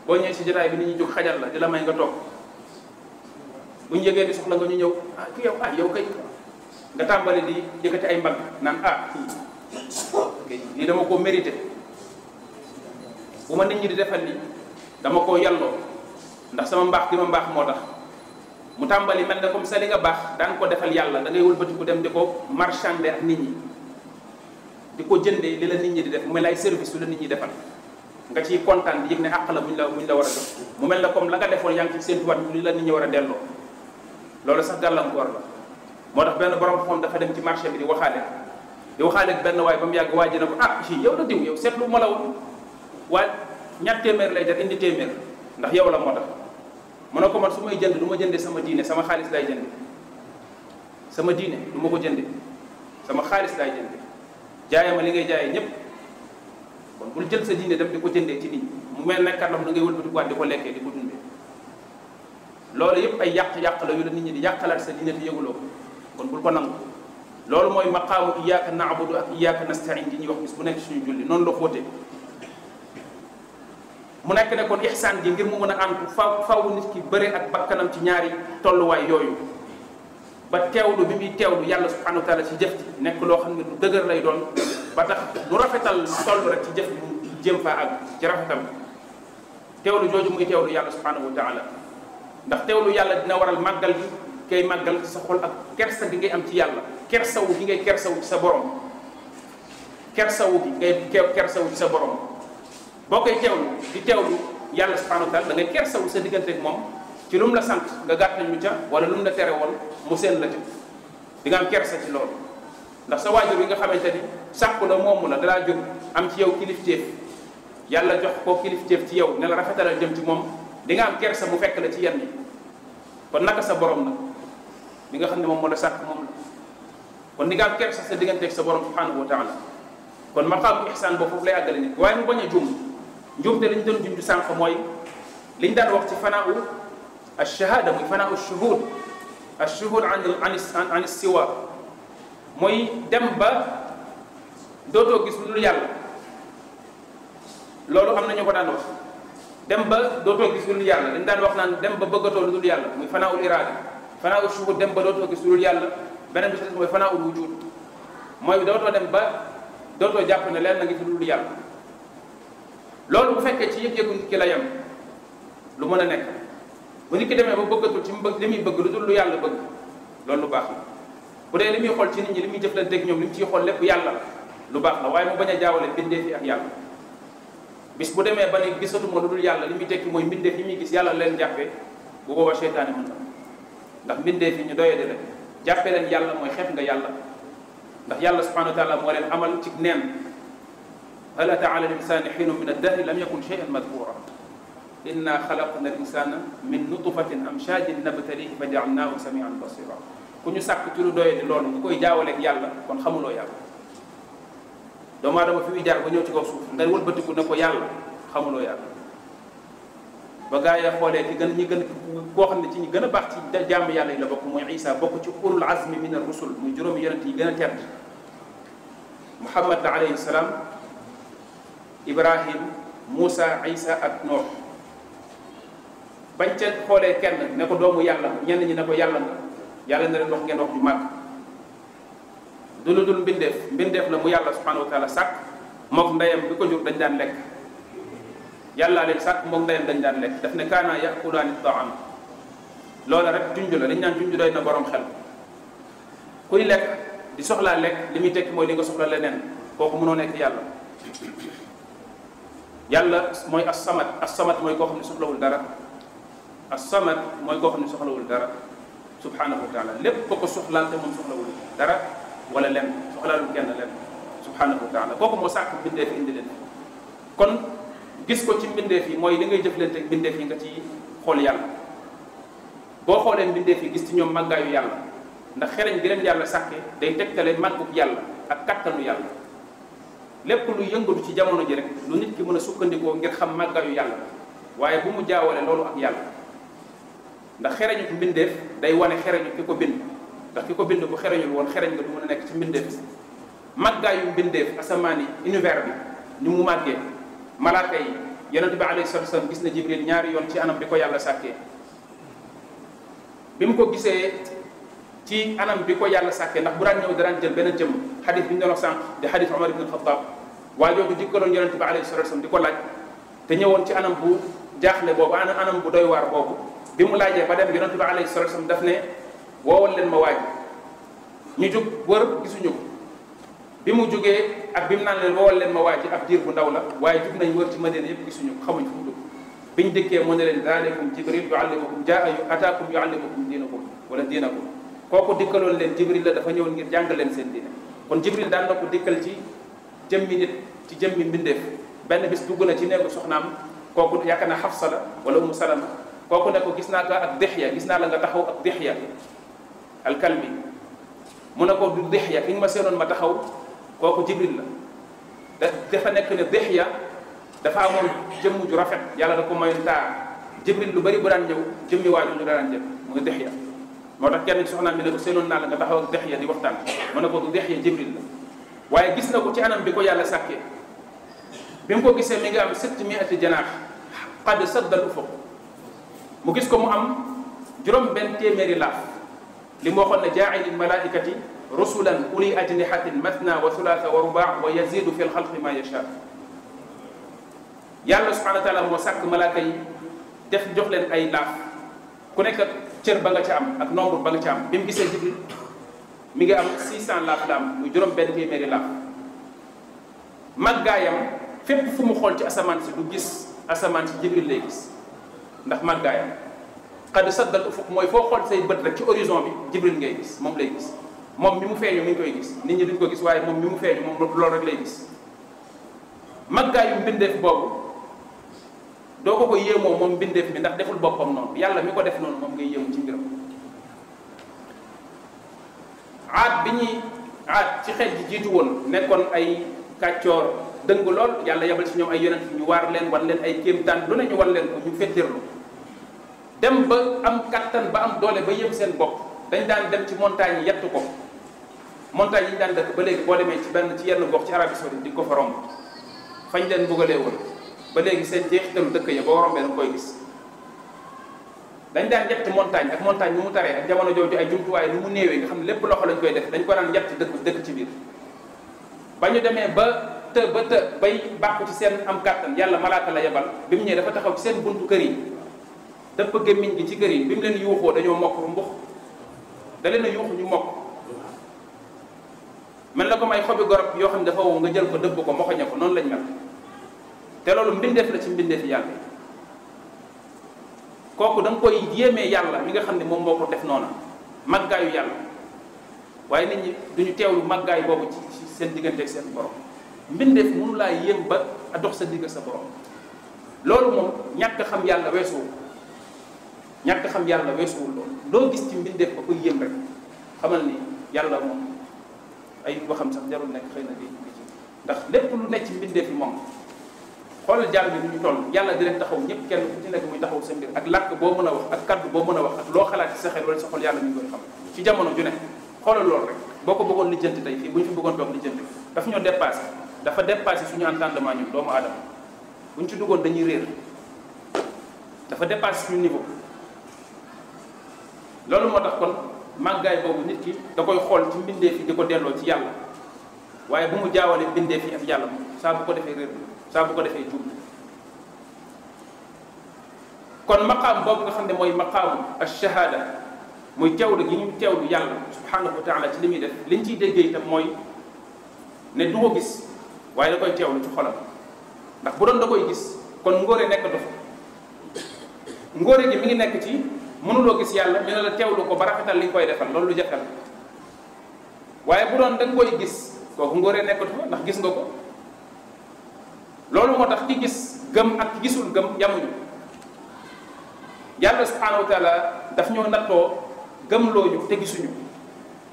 boo ñëwee si jotaay bi ni ñuy jóg xajal la di la may nga toog bu ñu yëgee ni soxla nga ñu ñëw ah ki yow ah yow kay nga tàmbali di yëkkati ay mbagg naan ah kii lii dama koo mérité bu ma nit ñi di defal ni dama koo yàlloo ndax sama mbaax gi ma mbaax moo tax mu tàmbali mel ne comme ça li nga baax daan ko defal yàlla da ngay wëlbatiku dem di ko marchander ak nit ñi. di ko jëndee li la nit ñi di def mu mel ay service yu la nit ñi defal nga ciy kontaan di yëg ne àq la buñ la buñ la war mu mel na comme la nga defoon yaa ngi ci seen tubaab li la nit ñi war a delloo loolu sax gàllankoor la moo tax benn borom xam dafa dem ci marché bi di waxaale di waxaale ak benn waay ba mu yàgg waaj na ko ah si yow la diw yow seetlu ma la woon waaye ñaar téeméer lay jar indi téeméer ndax yow la moo tax mu ne ko man su may jënd du ma jëndee sama diine sama xaalis lay jënd sama diine du ma ko jënde sama xaalis lay jaay ma li ngay jaayee ñëpp kon bul jël sa diine dem di ko jëndee ci nit mu mel ne kàddoom da ngay wëlbatikuwaat di ko lekkee di ko dundee loolu yëpp ay yàq-yàq la yu la nit ñi di yàqalaat sa diine te yëguloo kon bul ko nangu loolu mooy maqaamu iyaaka naabudu ak iyaaka nastain di ñuy wax bis bu nekk suñu julli noonu la xóote mu nekk ne kon ixsaan ji ngir mu mën a ànd faaw faw nit ki bëri ak bakkanam ci ñaari tolluwaay yooyu ba teew lu bi muy teewlu yàlla subhanahu wa taala ci jëf ji nekk loo xam ne lu dëgër lay doon ba tax du rafetal toll rek ci jëf bu jëm faa ak ci rafetal teewlu jooju muy teewlu yàlla subhanahu wa taala ndax teewlu yàlla dina waral màggal gi kay màggal sa xol ak kersa gi ngay am ci yàlla kersawu gi ngay kersawu ci sa borom kersawu gi ngay kersawu ci sa borom boo koy teewlu di teewlu yàlla subhanahu wa taala da ngay kersawu sa diggante ak moom ci lu la sant nga gàtt nañ lu ca wala lu mu la tere woon mu seen la ca di nga am kersa ci lool ndax sa waajur yi nga xamante ni sàkku la moomu la dalaa jóg am ci yow kilifteef yàlla jox ko kilifteef ci yow ne la rafetalal jëm ci moom dinga am am sa mu fekk la ci yenn yi kon naka sa borom la li nga xam ne moom moo la sàkk moom la kon di nga am kersa sa digganteeg sa borom subhanahu wa taala kon maqaamu ihsaan boobu foofu lay àggale nit waaye mu bañ a juum njuumte li ñu doon junj sànq mooy li ñu ci fanaaw alchahada muy fanaa u shuhud ashuhud an an siwa mooy dem ba dootoo gis lu dul yàlla loolu am na ñu ko daan wax dem ba dootoo gis lu dul yàlla dañ daan wax naan dem ba bëggatoo lu dul yàlla muy fanaa ul iraada fanaa ul shuhud dem ba dootoo gis lu dul yàlla beneen bi ci des mooy fanaa ul wujud mooy dootoo dem ba dootoo jàpp ne leen na ngi fi lu dul yàlla loolu bu fekkee ci yëg-yëgu nit ki la yem lu mën a nekk bu nit ki demee ba bëggatul ci li muy bëgg lu dul lu yàlla bëgg loolu lu baax la bu dee li muy xool ci nit ñi li muy jëflanteeg ñoom li mu ciy xool lépp yàlla lu baax la waaye mu bañ a jaawale bindee fi ak yàlla bis bu demee ba ne gisatuma lu dul yàlla li muy tekki mooy mbindeef yi muy gis yàlla leen jàppee bu booba seytaane mën na ndax mbindeef yi ñu doyee di la jàppee leen yàlla mooy xeeb nga yàlla ndax yàlla subhanahu wa taala moo leen amal ci neen hal ata ala al insani xiinu min addahri lam yakun shay'an madkura inna xalaqna al insana min nutfatin amshajin nabtalihi fa jaalnaahu samian basira ku ñu sàkk ci lu doye di loolu nga koy jaawaleeg yàlla kon xamuloo yàlla doomu aadama fi muy jaar ba ñëw ci kaw suuf nga wëlbatiku ne ko yàlla xamuloo yàlla ba gaa yi xoolee ki gën ñi gën koo xam ne ci ñi gën a baax ci jàmm yàlla yi la bokk mooy Isa bokk ci ulul azmi min ar-rusul muy juróomi yonent yi gën a tedd Muhammad la alayhi salaam Ibrahim Moussa Isa ak Nooh bañ ca xoolee kenn ne ko doomu yàlla ñenn ñi ne ko yàlla nga yàlla na leen wax ngeen wax ju màgg du lu dul mbindeef mbindeef la mu yàlla subhanahu wa taala sàkk mook ndeyam bi ko jur dañ daan lekk yàllaa leen sàkk mook ndeyam dañ daan lekk daf ne kaana yakulaani am loola rek junj la dañ naan junj doy na borom xel kuy lekk di soxlaa lekk li muy tekki mooy li nga soxla leneen kooku mënoo nekk yàlla yàlla mooy as samat as samat mooy koo xam ne soxlawul dara as-samad mooy koo xam ne soxlawul dara subhanahu wa taala lépp ko ko soxlaal te moom soxlawul dara wala lenn soxlaalul kenn lenn subhanahu wa ko kooku moo sàkk mbindeef indi leen kon gis ko ci mbindeef yi mooy li ngay jëflante mbindeef yi nga ci xool yàlla boo xoolee mbindeef yi gis ci ñoom màggaayu yàlla ndax xereñ gi leen yàlla sàkke day tegtale màggug yàlla ak kattanu yàlla lépp lu yëngatu ci jamono ji rek lu nit ki mën a sukkandikoo ngir xam màggaayu yàlla waaye bu mu jaawale loolu ak yàlla ndax xereñu ko mbindeef day wane xereñu ki ko bind ndax ki ko bind bu xereñul woon xereñ nga du mën a nekk ci mbindeef màggaayu mbindeef asamaan yi univers bi ni mu màggee malaaka yi yonent bi alayhi salatu wasallam gis na jibril ñaari yoon ci anam bi ko yàlla sàkkee bi ko gisee ci anam bi ko yàlla sàkkee ndax bu daan ñëw daraan jël benn jëmm xadis bi ñu doon wax sànq di xadis omar ibn alxataab waa jooju dikkaloon yonent bi alayhi salatu di ko laaj te ñëwoon ci anam bu jaaxle boobu anam bu doy waar boobu bi mu laajee ba dem yonent bi alayhi salatu wasallam daf ne woowal leen ma waaj ñu jug wër gisuñu ko bi mu jógee ak bi mu naan leen woowal leen ma waaj ab diir bu ndaw la waaye jug nañ wër ci Madina yëpp gisuñu ko xamuñ fu mu dugg biñ dëkkee mu ne leen daalekum jibril yuallimukum jaa yu ataakum yuallimukum diinakum wala diinakum kooku dikkaloon leen jibril la dafa ñëwoon ngir jàng leen seen diine kon jibril daan na ko dikkal ci jëmmi nit ci jëm jëmmi mbindeef benn bis dugg na ci neegu soxnaam kooku yaakaar na Xafsa la wala sala Salama kooku ne ko gis naa ko ak gis naa la nga taxaw ak dexya alkalbi mu ne ko du dexya ki ma seenoon ma taxaw kooku jibril la dafa nekk ne dexya dafa amoon jëmm ju rafet yàlla da ko mayoon taar jibril lu bari bu daan ñëw jëmmi waaju ñu daan jël muy dexya moo tax kenn soxnaan bi ne ko seenoon naa la nga taxaw ak dexya di waxtaan mu ne ko du dexya jibril la waaye gis na ko ci anam bi ko yàlla sàkkee bi mu ko gisee mi ngi am sept miati janaax qad sadda al mu gis ko mu am juróom benn téeméeri laaf li mu waxoon ne jaailil malaikati rusulan uli ajnihatin matna wa thulatha wa rubaa wa yazidu fi lxalqi ma yacha yàlla subhanahu wa taala moo sàkk malaaka yi def jox leen ay laaf ku nekk cër ba nga ca am ak nombre ba nga ca am bi mu gisee Jibril mi ngi am 600 laaf la am muy juróom benn téeméeri laaf màggaayam fépp fu mu xool ci asamaan si du gis asamaan si Jibril lay gis ndax màggaayam xad saddal ufuq mooy foo xool say bët rek ci horizon bi jibril ngay gis moom lay gis moom mi mu feeñu mi ngi koy gis nit ñi duñ ko gis waaye moom mi mu feeñu moom loolu rek lay gis màggaayu mbindeef boobu doo ko ko yéemoo moom mbindeef bi ndax deful boppam noonu yàlla mi ko def noonu moom ngay yéemu ci mbiram aat bi ñuy aat ci xel ji jiitu woon nekkoon ay kàccoor dëng lool yàlla yabal si ñoom ay yonent ñu waar leen wan leen ay kéemtaan lu ne ñu leen ko ñu fettirlu dem ba am kattan ba am doole ba yëm seen bopp dañ daan dem ci montagne yi yettu ko montagne yi ñu daan dëkk ba léegi boo demee ci benn ci yenn gox ci Arabie Saoudite di ko fa romb fañ leen mbugalee woon ba léegi seen jeexitalu dëkk ya boo rombee da koy gis dañ daan yett montagne ak montagne nu mu taree ak jamono jooju ay jumtuwaay nu mu néewee nga xam ne lépp loxo lañ koy def dañ ko daan yett dëkk dëkk ci biir ba ñu demee ba të ba të bay bàkku ci seen am kàttan yàlla malaaka la yebal bi mu ñëwee dafa taxaw ci seen buntu kër yi dëpp gémmiñ gi ci kër yi bi mu leen yuuxoo dañoo mokk mbux da na a yuuxu ñu mokk mel na ko may xobi garab yoo xam ne dafa wow nga jël ko dëbb ko moxoñe ko noonu lañ mel te loolu mbindeef la ci mbindeef yàlla kooku da koy yéemee yàlla mi nga xam ne moom moo ko def noona màggaayu yàlla waaye nit ñi duñu teewlu màggaay boobu ci seen diggante ak seen borom mbindeef mënu laa yéem ba a dox sa digg sa borom loolu moom ñàkk xam yàlla weesu ñàkk xam yàlla weesuwul loolu loo gis ci mbindeef ba koy yëm rek xamal ni yàlla moom ay waxam sax jarul nekk xëy na di ci ndax lépp lu nekk ci mbindeef fi moom xoolal jaar bi nu ñu toll yàlla di leen taxaw ñëpp kenn ku ci nekk muy taxaw sa mbir ak làkk boo mën a wax ak kaddu boo mën a wax ak loo xalaat ci sa xel wala sa xol yàlla ñu koy xam ci jamono ju ne xoolal loolu rek boo ko bëggoon lijjanti tey fii bu ñu fi bëggoon toog lijjanti daf ñoo dépassé dafa dépassé suñu entendement ñun doomu aadama bu ci duggoon dañuy réer dafa dépassé suñu loolu moo tax kon màggaay boobu nit ki da koy xool ci mbindeef yi di ko delloo ci yàlla waaye bu mu jaawale mbindeef yi ak yàlla saa bu ko defee réer saa bu ko defee juum kon maqaam boobu nga xam ne mooy maqaamu ash-shahaada muy teewlu gi ñu teewlu yàlla subhaanahu wa taala ci li muy def liñ ciy déggee itam mooy ne du ko gis waaye da koy teewlu ci xolam ndax bu doon da koy gis kon ngóore nekk dof ngóore gi mi ngi nekk ci mënuloo gis yàlla ñu ne la teewlu ko ba rafetal li nga koy defal loolu lu jafe la waaye bu doon da nga koy gis kooku ngóoree nekkatu fa ndax gis nga ko loolu moo tax ki gis gëm ak ki gisul gëm yamuñu yàlla subhanahu wa taala daf ñoo nattoo gëmloo ñu te gisuñu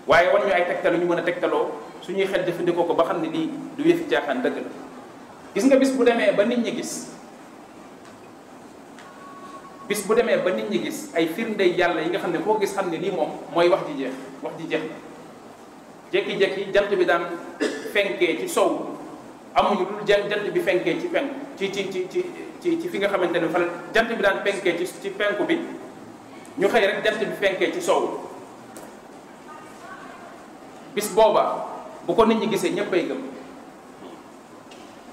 waaye wan ñu ay tegtal ñu mën a tegtaloo ñuy xel jëfandikoo ko ba xam ne nii du yëfi caaxaan dëgg la gis nga bis bu demee ba nit ñi gis bis bu demee ba nit ñi gis ay firnde yàlla yi nga xam ne koo gis xam ne lii moom mooy wax ji jeex wax ji jeex na jékki-jékki jant bi daan fenkee ci sow amuñu dul jant bi fenkee ci penk ci ci ci ci ci fi nga xamante ne fa jant bi daan fenkee ci ci penku bi ñu xëy rek jant bi fenkee ci sow bis booba bu ko nit ñi gisee ñëpp ay gëm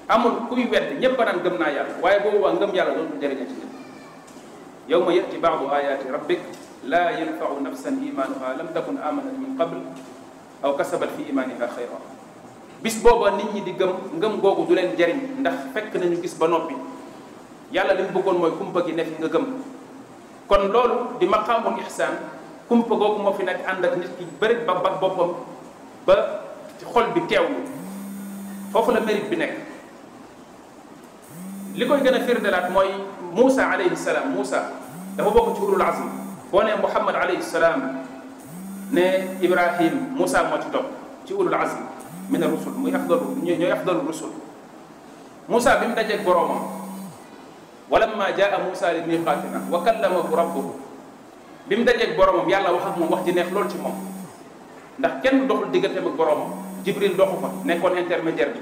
amul kuy wedd ñëpp a naan gëm naa yàlla waaye boobu waa ngëm yàlla loolu du jëriñoo ci nit yow yawma yati baadu ayaati rabbik laa yanfau nafsan imaanuha lam takun amanat min qabl aw kasabat fi imaaniha xayra bis booba nit ñi di gëm ngëm googu du leen jariñ ndax fekk nañu gis ba noppi yàlla li mu bëggoon mooy kumpa gi ne fi nga gëm kon loolu di maqaamul ihsaan kumpa googu moo fi nekk ànd ak nit ki bërit ba bat boppam ba xol bi teewlu foofu la mérite bi nekk li koy gën a firndelaat mooy Moussa alayhi salaam Moussa dafa bokk ci ulul azm boo nee Mouhamad alayhi salaam ne Ibrahim Moussa moo ci topp ci ulul azm min ar-rusul muy afdalu ñooy afdalu rusul Moussa bi mu dajeeg boromam walamma jaa Moussa li miqaatina wa kallamahu rabbuhu bi mu dajeeg boromam yàlla wax ak moom wax ji neex lool ci moom ndax kenn doxul digganteem ak boromam Jibril doxu fa nekkoon intermédiaire bi.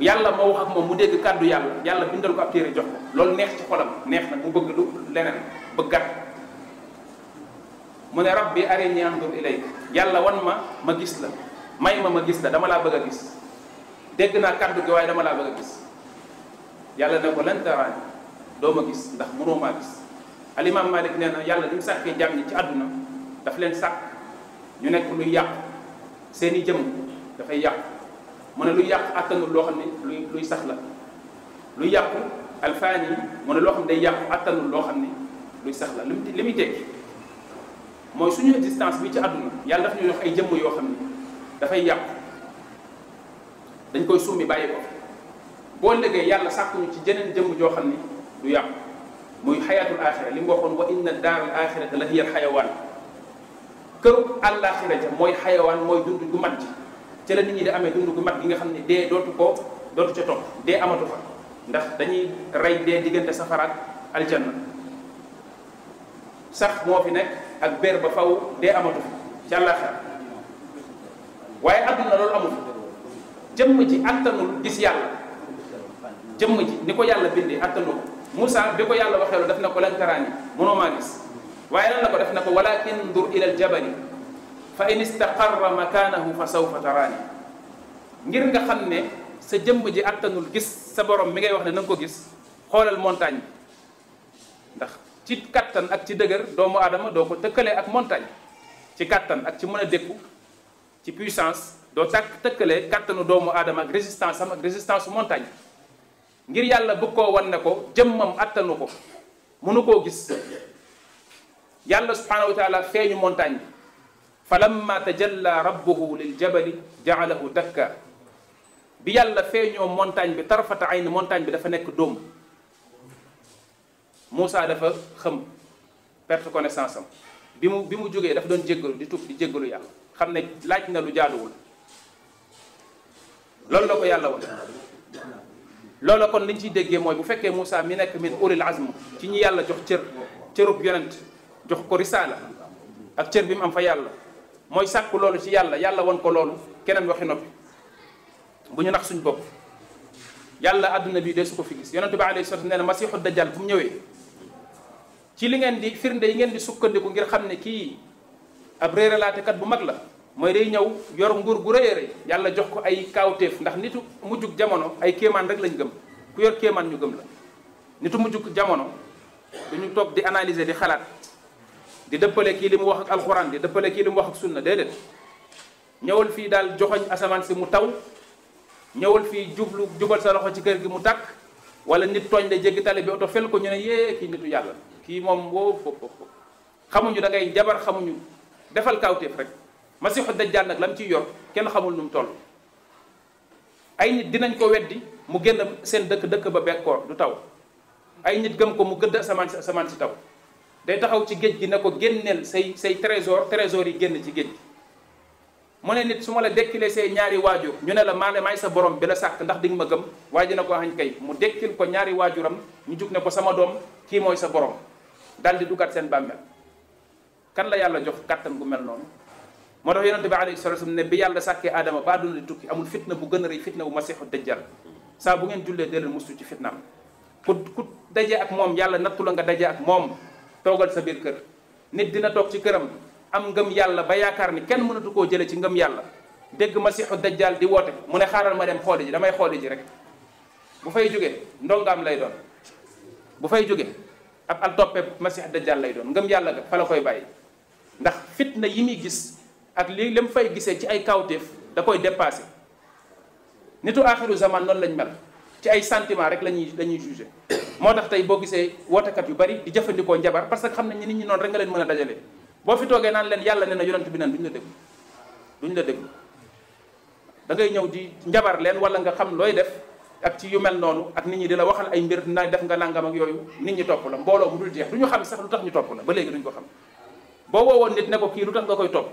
yàlla moo wax ak moom mu dégg kàddu yàlla yàlla bindal ko ab téere jox loolu neex ci xolam neex na mu bëgg lu leneen bëggat mu ne rab bi andur ilayk yàlla wan ma ma gis la may ma ma gis la dama laa bëgg a gis dégg naa kàddu gi waaye dama laa bëgg a gis yàlla ne ko lan taraani doo ma gis ndax mënoo maa gis alimaam Malik nee na yàlla li mu sàkkee jàmm ñi ci àdduna daf leen sàkk ñu nekk luy yàq seeni jëm dafay yàqu mu ne luy yàq attanul loo xam ne luy luy sax la yàqu yàq alfaani mu ne loo xam day yàq àttanul loo xam ne luy sax la li li muy tekki mooy suñu existence bi ci àdduna yàlla dafa ñuy jox ay jëmm yoo xam ne dafay yàq dañ koy summi bàyyi ko boo lëgee yàlla sàkkuñu ci jeneen jëmm joo xam ne lu yàq muy xayaatul axira li mu waxoon wa inna daaral axirata la hiya al xayawaan këru àllaaxira ja mooy xayawaan mooy dund gu mat ji ci la nit ñi di amee dundu gu mat gi nga xam ne dee dootu ko dootu ca topp dee amatu fa ndax dañuy rey dee diggante safara ak sax moo fi nekk ak béer ba faw dee amatu fa ci àllaaxira waaye àdduna loolu amul jëmm ji attanul gis yàlla jëmm ji ni ko yàlla bindee attanu ko Moussa bi ko yàlla waxeelu def na ko lankaraan yi mënoo maa gis waaye lan na ko def na ko walakin dur ilal jabali fa in istaqarra makanahu fa sawfa taraani ngir nga xam ne sa jëmm ji attanul gis sa borom mi ngay wax ne na ko gis xoolal montagne ndax ci kattan ak ci dëgër doomu aadama doo ko tëkkale ak montagne ci kattan ak ci mën a dékku ci puissance doo tàkk tëkkale kattanu doomu aadama ak résistance am ak résistance montagne ngir yàlla bëgg koo wan ne ko jëmmam attanu ko mënu koo gis yàlla subhanahu wa taala feeñu montagne falamma tajalla rabbuhu lil jabali jaalahu dakka bi yàlla feeñoo montagne bi tarfata ayn montagne bi dafa nekk dóom Moussa dafa xëm perte connaissance am bi mu bi mu jógee dafa doon jéggalu di tuub di jéggalu yàlla xam ne laaj na lu jaaduwul loolu la ko yàlla woon loolu la kon liñ ciy déggee mooy bu fekkee Moussa mi nekk min ulil azm ci ñi yàlla jox cër cërub yonent jox ko risaala ak cër bi mu am fa yàlla mooy sàkku loolu ci yàlla yàlla wan ko loolu keneen waxi noppi bu ñu nax suñ bopp yàlla àdduna bi de su ko fi gis yonente bi alayhi salaatu nee na masiixu dajjal bu mu ñëwee ci li ngeen di firnde yi ngeen di sukkandiku ngir xam ne kii ab réeralaatekat bu mag la mooy day ñëw yor nguur gu rëy a rëy yàlla jox ko ay kaawteef ndax nitu mujjug jamono ay kéemaan rek lañ gëm ku yor kéemaan ñu gëm la nitu mujjug jamono dañu toog di analyser di xalaat di dëppale kii li mu wax ak alxuraan di dëppale kii li mu wax ak sunna déedéet ñëwal fii daal joxoñ asamaan si mu taw ñëwal fii jublu jubal sa loxo ci kër gi mu takk wala nit tooñ la jéggi tali bi oto fel ko ñu ne yee kii nitu yàlla kii moom woo foofu foofu xamuñu dangay ngay jabar xamuñu defal kawteef rek masiixu dajjaal nag la mu ciy yor kenn xamul nu mu toll ay nit dinañ ko weddi mu génn seen dëkk dëkk ba bekkoor du taw ay nit gëm ko mu gëdd asamaan si asamaan taw day taxaw ci géej gi ne ko génneel say say trésor trésor yi génn ci géej gi mu ne nit su ma la dekkilee say ñaari waajur ñu ne la maa ne maay sa borom bi la sàkk ndax di ma gëm waaye dina ko xañ kay mu dekkil ko ñaari waajuram ñu jug ne ko sama doom kii mooy sa borom daal di dugaat seen bàmmeel kan la yàlla jox kàttan gu mel noonu moo tax yonente bi alayhi salatu ne bi yàlla sàkkee aadama ba dund tukki amul fitna bu gën a rëy fitna bu masiixu dajjal saa bu ngeen jullee dee leen mustu ci fitnaam ku ku daje ak moom yàlla nattu la nga daje ak moom toogal sa biir kër nit dina toog ci këram am ngëm yàlla ba yaakaar ni kenn mënatu koo jële ci ngëm yàlla dégg masiixu dajjaal di woote mu ne xaaral ma dem xooli ji damay xooli ji rek bu fay jóge ndongaam lay doon bu fay jóge ab al toppe masiixu dajjaal lay doon ngëm yàlla ga fa la koy bàyyi ndax fitna yi muy gis ak lii li mu fay gisee ci ay kawtéef da koy dépassé nitu aaxiru zaman noonu lañ mel ci ay sentiment rek la ñuy la ñuy moo tax tey boo gisee wootekat yu bari di jëfandikoo njabar parce que xam nañ ne nit ñi noonu rek nga leen mën a dajale boo fi toogee naan leen yàlla ne na yonent bi naan la déglu duñ ñëw di njabar leen wala nga xam looy def ak ci yu mel noonu ak nit ñi di la waxal ay mbir na def nga nangam ak yooyu nit ñi topp la mbooloo mu dul jeex du ñu xam sax lu tax ñu topp la ba léegi duñ ko xam boo woowoon nit ne ko kii lu tax nga koy topp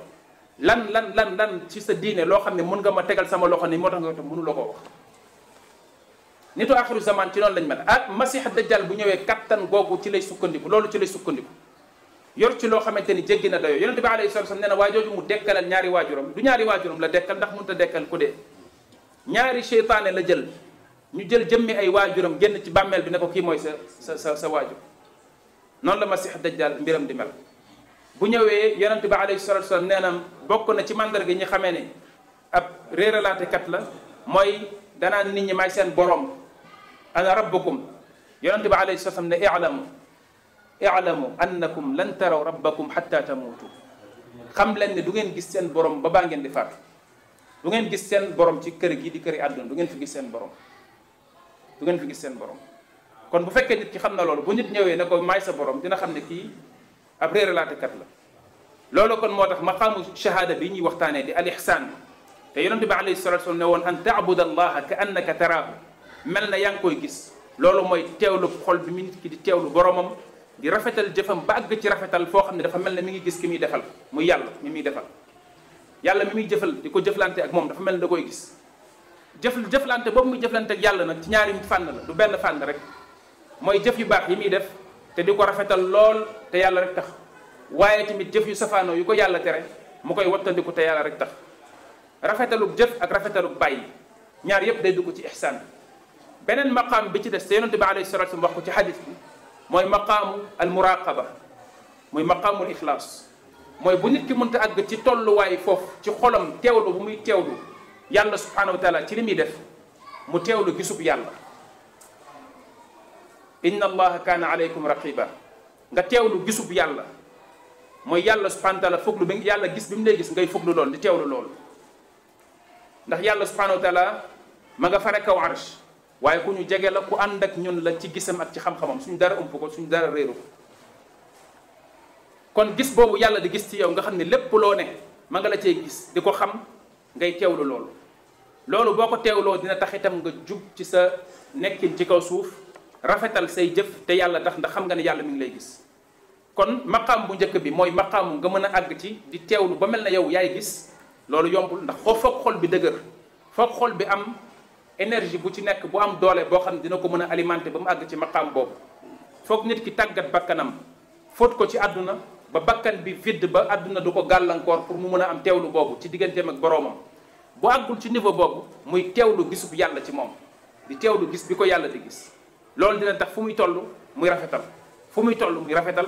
lan lan lan lan ci sa diine loo xam ne mën nga ma tegal sama loxo ni moo tax nga koy topp mënu la koo wax nitu axiru zaman ci noonu lañ mel ak masih dajjal bu ñëwee kattan googu ci lay sukkandiku loolu ci lay sukkandiku yor ci loo xamante ni jéggi na dayoo yonente bi alayhi salatu wasallam nee na waajooju mu dekkalal ñaari waajuram du ñaari waajuram la dekkal ndax mënut a dekkal ko dee ñaari seytaane la jël ñu jël jëmmi ay waajuram génn ci bàmmeel bi ne ko kii mooy sa sa sa sa waajur noonu la masih dajjal mbiram di mel bu ñëwee yonente ba alayhi salatu wasallam nee na bokk na ci mandarga ñi xamee ne ab réeralaate kat la mooy danaan nit ñi may seen borom ana rabbukum yonente bi alayhi salaam ne i'lamu i'lamu annakum lan taraw rabbakum hatta tamuutu xam leen ne du ngeen gis seen borom ba baa ngeen di faatu du ngeen gis seen borom ci kër gi di këri àdduna du ngeen fi gis seen borom du ngeen fi gis seen borom kon bu fekkee nit ki xam na loolu bu nit ñëwee ne ko maay sa borom dina xam ne kii ab réeralaatekat la loolu kon moo tax maqaamu shahaada bi ñuy waxtaanee di al ihsaan te yonente bi alayhi salaatu wa woon an taabuda allaha ka annaka taraahu mel na yaa ngi koy gis loolu mooy teewlu xol bi mu nit ki di teewlu boromam di rafetal jëfam ba àgg ci rafetal foo xam ne dafa mel ne mi ngi gis ki muy defal muy yàlla mi muy defal yàlla mi muy jëfal di ko jëflante ak moom dafa mel ne da koy gis jëf jëflante boobu muy jëflante ak ci ñaari fànn la benn fànn rek mooy jëf yu baax yi muy def te di ko rafetal lool te yàlla rek tax waaye tamit jëf yu safaanoo yu ko yàlla tere mu koy wattandiku te yàlla rek tax rafetalu jëf ak rafetalu bàyyi ñaar yëpp day dugg ci ihsaan beneen maqaam bi ci des te yonente bi alayhi salatu wasallam wax ko ci xadis bi mooy maqaamu al muraqaba muy maqaamul ixlaas mooy bu nit ki mënta àgg ci tolluwaay foofu ci xolam teewlu bu muy teewlu yàlla subhanahu wa taala ci li muy def mu teewlu gisub yàlla inna allaha kaana aleykum raqiba nga teewlu gisub yàlla mooy yàlla subhanahu wa taala bi yàlla gis bi mu lay gis ngay foglu lool di teewlu lool ndax yàlla subhanahu wa ma nga fare kaw arsh waaye ku ñu jege la ku ànd ak ñun la ci gisam ak ci xam-xamam suñu dara ump ko suñu dara réeru ko kon gis boobu yàlla di gis ci yow nga xam ne lépp loo ne ma nga la cee gis di ko xam ngay teew teewlu loolu loolu boo ko teewloo dina tax itam nga jub ci sa nekkin ci kaw suuf rafetal say jëf te yàlla tax ndax xam nga ne yàlla mi ngi lay gis kon maqaam bu njëkk bi mooy maqaamu nga mën a àgg ci di teewlu ba mel na yow yaay gis loolu yombul ndax xoo foog bi dëgër énergie bu ci nekk bu am doolee boo xam ne dina ko mën a alimenter ba mu àgg ci maqaam boobu foog nit ki tàggat bakkanam fóot ko ci àdduna ba bakkan bi vide ba àdduna du ko gàllankoor pour mu mën a am teewlu boobu ci digganteem ak boroomam boo àggul ci niveau boobu muy teewlu bu yàlla ci moom di teewlu gis bi ko yàlla di gis loolu dina tax fu muy tollu muy rafetal fu muy toll muy rafetal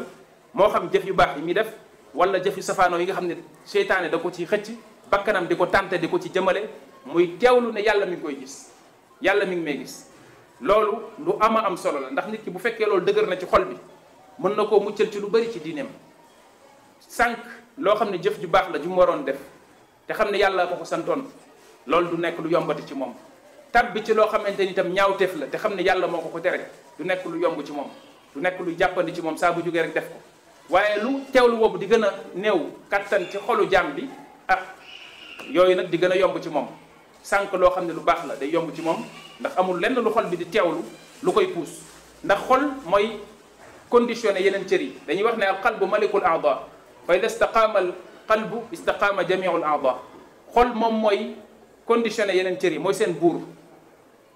moo xam jëf yu baax yi muy def wala jëf yu safaanoo yi nga xam ne seytaane da ko ci xëcc bakkanam di ko tànte di ko ci jëmale muy teewlu ne yàlla mi ngi koy gis yàlla mi ngi may gis loolu lu ama am solo la ndax nit ki bu fekkee loolu dëgër na ci xol bi mën na koo muccal ci lu bari ci diineem sànq loo xam ne jëf ju baax la ju mu waroon def te xam ne yàlla ko santoon loolu du nekk lu yombati ci moom tab bi ci loo xamante ni itam ñaawteef la te xam ne yàlla moo ko ko tere du nekk lu yomb ci moom du nekk lu jàppandi ci moom saa bu jógee rek def ko waaye lu teew lu boobu di gën a néew kattan ci xolu jaam bi ah yooyu nag di gën a yomb ci moom sànq loo xam ne lu baax la day yomb ci moom ndax amul lenn lu xol bi di teewlu lu koy puus ndax xol mooy conditionné yeneen cër yi dañuy wax ne al qalbu malikul aada fa ida istaqaama al qalbu istaqaama jamiul aada xol moom mooy conditionné yeneen cër yi mooy seen buur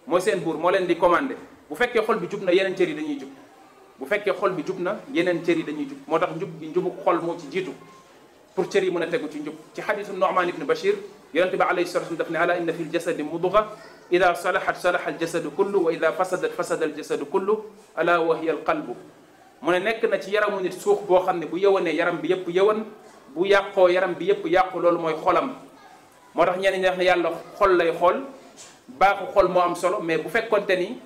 mooy seen buur moo leen di commandé bu fekkee xol bi jub na yeneen cër yi dañuy jub bu fekkee xol bi jub na yeneen cër yi dañuy jub moo tax njub njubu xol moo ci jiitu pour cër yi mën a tegu ci njub ci xadisu Nu'man ibn Bashir yonente bi alayhi salatu daf ne ala inna fi ljasadi mudga ida salahat salaha aljasadu kullu wa ida fasadat fasada aljasadu kullu ala wa hiya alqalbu mu ne nekk na ci yaramu nit suux boo xam ne bu yëwanee yaram bi yëpp yëwan bu yàqoo yaram bi yëpp yàqu loolu mooy xolam moo tax ñenn ñi wax ne yàlla xol lay xool baaxu xol moo am solo mais bu fekkonte ni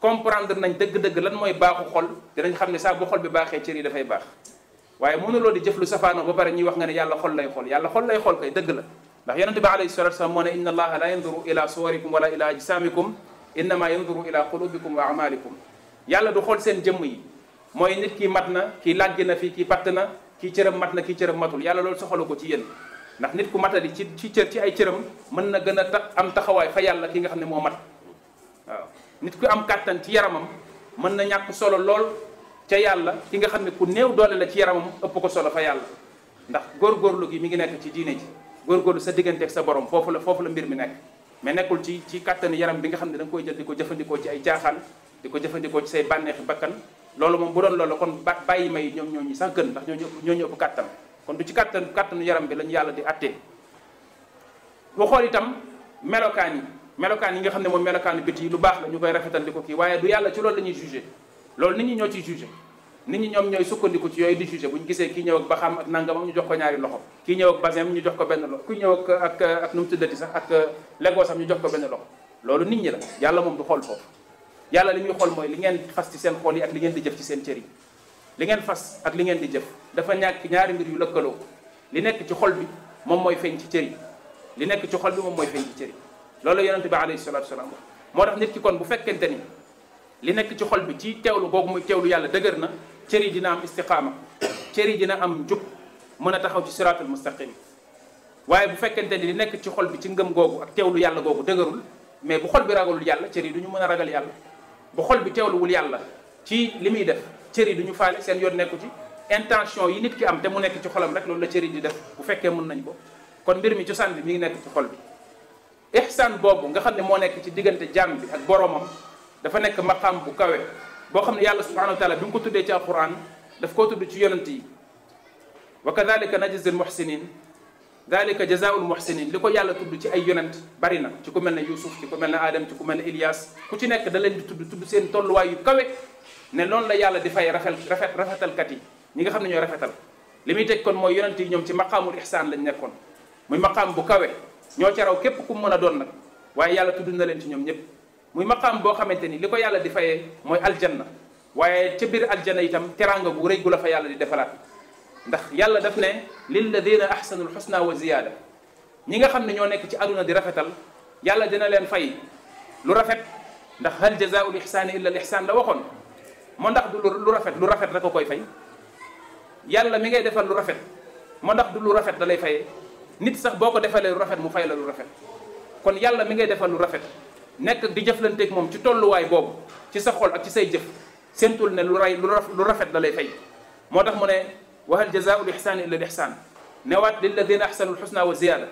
comprendre nañ dëgg-dëgg lan mooy baaxu xol dinañ xam ne saa bu xol bi baaxee cër yi dafay baax waaye mënuloo di jëf lu safaanoo ba pare ñuy wax nga ne yàlla xol lay xool yàlla xol lay xool kay dëgg la ndax yonente bi alayhi salatu wasalam moo ne inna allaha la yanduru ila suwarikum wala ila ajsamikum innama yanduru ila qulubikum wa amalikum yàlla du xool seen jëm yi mooy nit kii mat na kii làggi na fii kii patt na ki cëram mat na kii cëram matul yàlla loolu soxalu ko ci yéen ndax nit ku matali ci ci cër ci ay cëram mën na gën a tax am taxawaay fa yàlla ki nga xam ne moo mat waaw nit ku am kàttan ci yaramam mën na ñàkk solo lool ca yàlla ki nga xam ne ku new doole la ci yaramam ëpp ko solo fa yàlla ndax góorgóorlu gi mi ngi nekk ci diine ji góorgóorlu sa diggante ak sa borom foofu la foofu la mbir mi nekk mais nekkul ci ci kàttanu yaram bi nga xam ne da koy jël di ko jëfandikoo ci ay caaxaan di ko jëfandikoo ci say bànneexi bakkan loolu moom bu doon loolu kon ba bàyyi may ñoom ñooñu sax gën ndax ñooñu ñooñu ëpp kàttan kon du ci kàttan kàttanu yaram bi lañu yàlla di attee bu xool itam melokaan yi melokaan yi nga xam ne moom melokaanu biti yi lu baax la ñu koy rafetal di ko kii waaye du yàlla ci loolu loolu nit ñi ñoo ciy jugé nit ñi ñoom ñooy sukkandiku ci yooyu di bu ñu gisee kii ñëw ak baxam ak nangamam ñu jox ko ñaari loxo kii ñëw ak basin jox ko benn loxo kii ñëw ak tuddati sax ak euh, legoo sax ñu jox ko benn loxo loolu nit ñi la yàlla moom du xool foofu yàlla li muy xool mooy li ngeen fas ci seen xool yi ak li ngeen di jëf ci seen cër li ngeen fas ak li ngeen di jëf dafa ñàkk ñaari mbir yu lëkkaloo li nekk ci xol bi moom mooy feeñ ci cër li nekk ci xol bi moom mooy feeñ ci cër yi loolu yonente bi alayhi salatu wasalaam moo tax nit ki kon bu fekkente ni li nekk ci xol bi ci teewlu boobu muy teewlu yàlla dëgër na cër yi dina am istiqaama cër yi dina am njub mën a taxaw ci siraatul mustaqim waaye bu fekkente ni li nekk ci xol bi ci ngëm googu ak teewlu yàlla googu dëgërul mais bu xol bi ragalul yàlla cër yi du mën a ragal yàlla bu xol bi teewluwul yàlla ci li muy def cër yi du ñu faale seen yoon nekku ci intention yi nit ki am te mu nekk ci xolam rek loolu la cër di def bu fekkee mën nañ ko kon mbir mi cosaan bi mi ngi nekk ci xol bi ihsaan boobu nga xam ne moo nekk ci diggante jaam bi ak boroomam dafa nekk maqaam bu kawe boo xam ne yàlla subhanahu wa taala bi mu ko tuddee ci alquran daf koo tudd ci yonent yi wa kadalika najzi al muhsinin dalika jazaul muhsinin li ko yàlla tudd ci ay yonent bari na ci ku mel ne Yuusuf ci ku mel ne Adam ci ku mel ne Ilias ku ci nekk da leen di tudd tudd seen tolluwaay yu kawe ne noonu la yàlla di fay rafet rafet rafetalkat yi ñi nga xam ne ñooy rafetal li muy teg kon mooy yonent yi ñoom ci maqaamul ihsaan lañ nekkoon muy maqaam bu kawe ñoo ca raw képp ku mën a doon nag waaye yàlla tudd na leen ci ñoom ñëpp muy maqaam boo xamante ni li ko yàlla di fayee mooy aljanna waaye ca biir aljanna itam teraanga gu rëy gu la fa yàlla di defalaat ndax yàlla daf ne lilladina ahsanul xusna wa ziyaada ñi nga xam ne ñoo nekk ci aduna di rafetal yàlla dina leen fay lu rafet ndax hal jazaa'ul ihsaani illa al ihsaan la waxoon moo ndax du lu rafet lu rafet rek a koy fay yàlla mi ngay defal lu rafet moo ndax du lu rafet da lay fayee nit sax boo ko defalee lu rafet mu fay la lu rafet kon yàlla mi ngay defal lu rafet nekk di jëf jëflanteeg moom ci tolluwaay boobu ci sa xol ak ci say jëf séentul ne lu ray lu rafet la lay fay moo tax mu ne wahal jazaa'ul ihsaani illa al ihsaan newaat lilladina ahsanul xusna wa ziyaada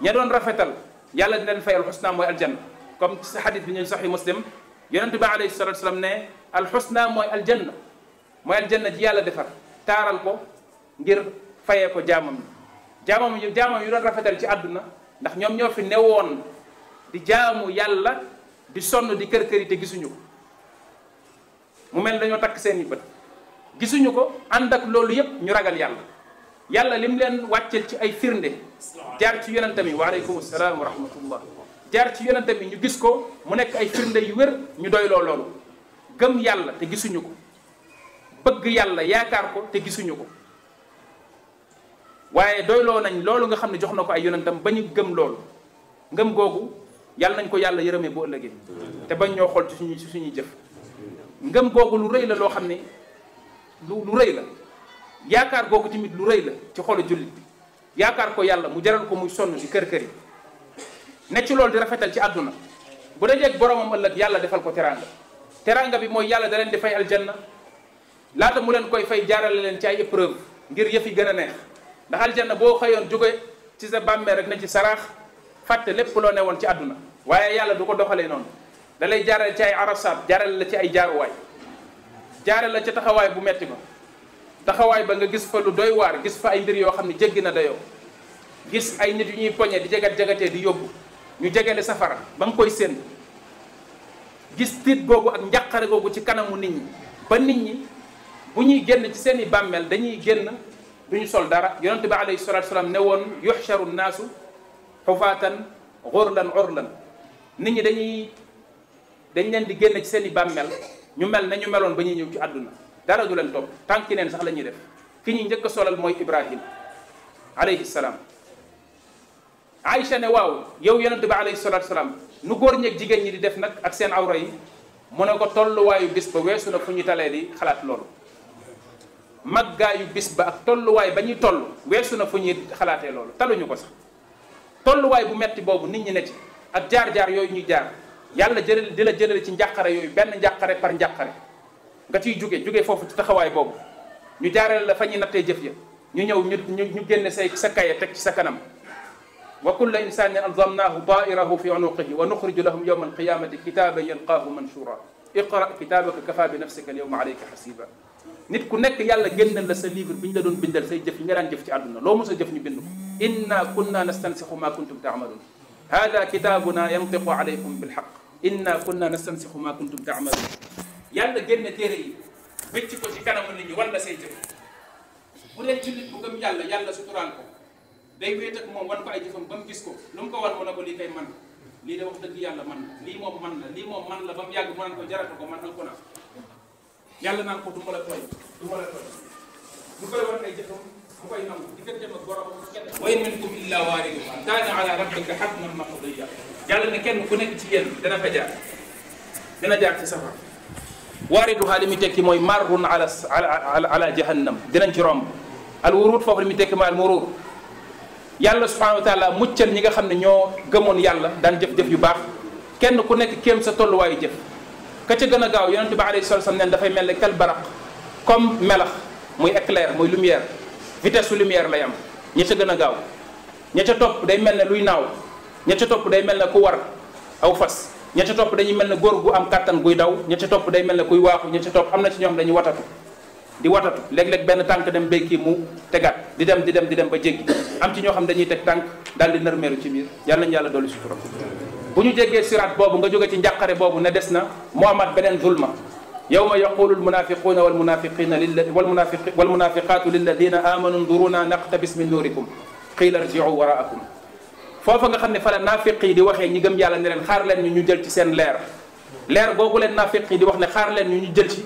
ña doon rafetal yàlla dina leen fay alxusna mooy aljanna comme ci xadis bi ñu saxi muslim yonent bi alayhi salatu wasalam ne alxusna mooy aljanna mooy aljanna ji yàlla defar taaral ko ngir fayee ko jaamam yi jaamam yi jaamam yu doon rafetal ci àdduna ndax ñoom ñoo fi newoon di jaamu yàlla di sonn di kër këri te gisuñu ko mu mel dañoo takk seeni bët gisuñu ko ànd ak loolu yépp ñu ragal yàlla yàlla lim leen wàcceel ci ay firnde jaar ci yonente mi waaleykum salaam wa rahmatullah jaar ci yonente mi ñu gis ko mu nekk ay firnde yu wér ñu doyloo loolu gëm yàlla te gisuñu ko bëgg yàlla yaakaar ko te gisuñu ko waaye doyloo nañ loolu nga xam ne jox na ko ay yonentam ba ñu gëm loolu ngëm googu yàlla nañ ko yàlla yërëmee bu ëllëgee te bañ ñoo xool ci suñu ci suñuy jëf ngëm googu lu rëy la loo xam ne lu lu rëy la yaakaar googu tamit lu rëy la ci xolu jullit bi yaakaar ko yàlla mu jaral ko muy sonn ci kër kër yi ne ci loolu di rafetal ci àdduna bu dajeeg boromam ëllëg yàlla defal ko teraanga teraanga bi mooy yàlla da leen di fay aljanna laata mu leen koy fay jaarale leen ci ay épreuve ngir yëf yi gën a neex ndax aljanna boo xëyoon jóge ci sa bàmmee rek na ci saraax fàtte lépp loo ne woon ci àdduna waaye yàlla du ko doxalee noonu dalay lay jaareel ci ay arasaab jaareel la ci ay jaaruwaay jaareel la ci taxawaay bu metti ba taxawaay ba nga gis fa lu doy waar gis fa ay mbir yoo xam ne jéggi na dayoo gis ay nit yu ñuy poñe di jagat jagatee di yóbbu ñu jegele safara ba nga koy séen gis tiit googu ak njaqare googu ci kanamu nit ñi ba nit ñi bu ñuy génn ci seeni i bàmmeel dañuy génn ñu sol dara yonente bi alayhi salatu ne woon yuxcharu naasu xufaatan xurlan xurlan nit ñi dañuy dañ leen di génn ci seeni i bàmmeel ñu mel na ñu meloon ba ñuy ñëw ci àdduna dara du leen topp tànki neen sax la ñuy def ki ñuy njëkk solal mooy Ibrahim alayhi salaam Aïcha ne waaw yow yonent bi alayhi salaatu salaam nu góor ñeeg jigéen ñi di def nag ak seen awra yi mu ne ko tolluwaayu bis ba weesu na fu ñu talee di xalaat loolu màggaayu bis ba ak tolluwaay ba ñuy toll weesu na fu ñuy xalaatee loolu taluñu ko sax tolluwaay bu metti boobu nit ñi ne ci ak jaar-jaar yooyu ñuy jaar yàlla jëlal di la jëlale ci njàqare yooyu benn njàqare par njàqare ga ciy jóge jóge foofu ci taxawaay boobu ñu jaareel la fa ñuy nattee jëf ya ñu ñëw ñu ñu génne say sa kaye ci sa kanam wa kulla insanin alzamnahu ta'irahu fi unuqihi wa nuxriju lahum yawma alqiyamati kitaban yalqaahu manshura iqra kitabaka kafa bi nafsika alyawma alayka hasiba nit ku nekk yàlla génnal la sa livre bi ñu la doon bindal say jëf yi nga daan ci àdduna loo mos a jëf ñu bind inna kunna nastansixu ma kuntum taamaluun hada kitaabuna yantiqu alaykum bilxaq inna kunna nastansixu ma kuntum taamaluun yàlla génne téere yi bëcc ko ci kanamu nit ñi wan la say jëf bu dee jullit bu gëm yàlla yàlla suturaan ko day wéet ak moom wan ko ay jëfam ba mu gis ko lu mu ko wan mu ne ko lii kay man lii de wax dëgg yàlla man la lii moom man la lii moom man la ba mu yàgg mu naan ko jarata ko man na ko na yàlla naan ko du ma la tooy du ma la tooy du koy wan ay jëfam bu koy nangu diggante ak borom wa in minkum illa waariduha kaana ala rabbika hatman maqdiya yàlla ne kenn ku nekk ci yéen dana fa jaar dina jaar ci safar waariduha li muy tekki mooy marrun ala ala jahannam dinañ ci romb al wuruud foofu li muy tekki mooy al muruur yàlla subhanahu wa taala muccal ñi nga xam ne ñoo gëmoon yàlla daan jëf-jëf yu baax kenn ku nekk kéem sa tolluwaayu jëf ka ca gën a gaaw yonente bi alayhi salatu wasallam neen dafay mel ne kal baraq comme melax muy éclair muy lumière vitesse su lumière lay am ña ca gën a gaaw ña ca topp day mel ne luy naaw ña ca topp day mel ne ku war aw fas ña ca topp dañuy mel ne góor gu am kàttan guy daw ña ca topp day mel ne kuy waaxu ña ca topp am na ci ñoo xam dañuy watatu di watatu léeg-léeg benn tànk dem béyki mu tegaat di dem di dem di dem ba jéggi am ci ñoo xam dañuy teg tànk daal di melu ci biir yàlla nañu yàlla dolli sutura bu ñu jéggee siraat boobu nga jóge ci njàqare boobu ne des na moo amaat beneen zulma yow ma ko yawma yaqulu almunafiquuna walmunafiqina walmunafiqatu lilladina amanu nduruna naqtabis min nuurikum qiila rjiu waraakum foofa nga xam ne fa la naafiq yi di waxee ñi gëm yàlla ne leen xaar leen ñu ñu jël ci seen leer leer googu leen naafiq yi di wax ne xaar leen ñu ñu jël ci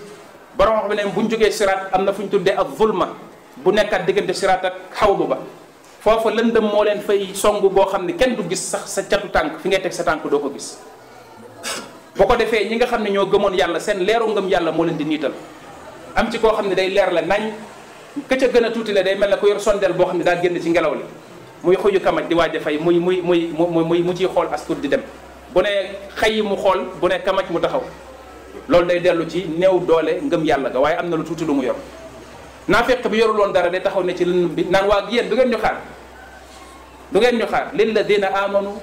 borom wax bi ne bu ñu jógee siraat am na fu ñu tuddee ak zulma bu nekkaat diggante siraat ak xawlu ba foofa lëndëm moo leen fay song boo xam ne kenn du gis sax sa catu tànk fi ngay teg sa tànk doo ko gis boo ko defee ñi nga xam ne ñoo gëmoon yàlla seen leeru ngëm yàlla moo leen di niital am ci koo xam ne day leer la nañ ka gën a tuuti la day mel ne ko yor sondeel boo xam ne daal génn ci ngelaw li muy xuju kamaj di waaj a fay muy muy muy muy mu ciy xool astur di dem bu ne xëy mu xool bu ne kamaj mu taxaw loolu day dellu ci néew doole ngëm yàlla ga waaye am na lu tuuti lu mu yor naafeq bi yorul woon dara day taxaw ne ci lëndëm bi naan waa yéen du ngeen ñu xaar du ngeen ñu xaar lilladina amanu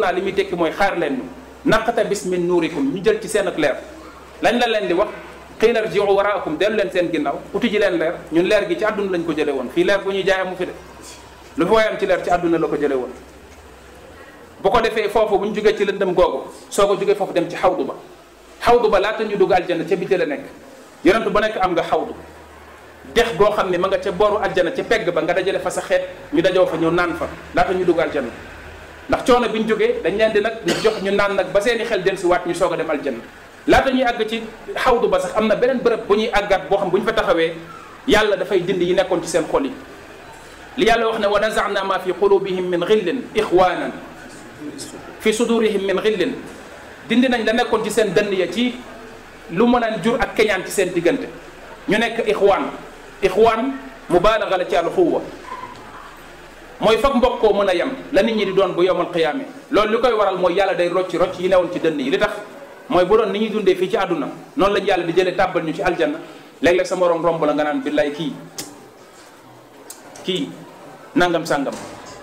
naa li muy tekki mooy xaar leen ñu naqata bis min nuurikum ñu jël ci seen ak leer lañ la leen di wax xëy na jiw waraakum dellu leen seen ginnaaw uti ji leen leer ñu leer gi ci àdduna lañ ko jëlee woon fii leer bu ñuy fi de lu fi waay am leer ci àdduna la ko jëlee woon. bu ko defee foofu bu ñu jógee ci dem googu soo ko jógee foofu dem ci xawdu ba xawdu ba laata ñu dugg aljana ca biti la nekk yonentu ba nekk am nga xawdu dex goo xam ne ma nga ca booru aljana ci pegg ba nga da dajale fa sa xeet ñu dajoo fa ñëw naan fa laata ñu dugg aljana ndax coono bi ñu jógee dañ leen di nag jox ñu naan nag ba seeni xel dellu si waat ñu soog a dem aljanna laata ñuy àgg ci xawdu ba sax am na beneen bërëb bu ñuy àggaat boo xam bu ñu fa taxawee yàlla dafay dindi yi nekkoon ci seen xol yi li yàlla wax ne wa nazana ma fi qulubihim min xillin ixwanan fi sudurihim min xillin dindi nañ la nekkoon ci seen dënn ya ci lu mën a jur ak keñaan ci seen diggante ñu nekk ixwaan ixwaan mubaalaga la ci alxuwa mooy fag koo mën a yem la nit ñi di doon bu yomal xiyaame loolu li koy waral mooy yàlla day rocci rocc yi newoon ci dënn yi li tax mooy bu doon ni ñuy dundee fii ci noonu lañu yàlla di jëlee tàbbal ñu ci aljanna léeg-léeg sa morom romb la nga naan billaay kii kii nangam sàngam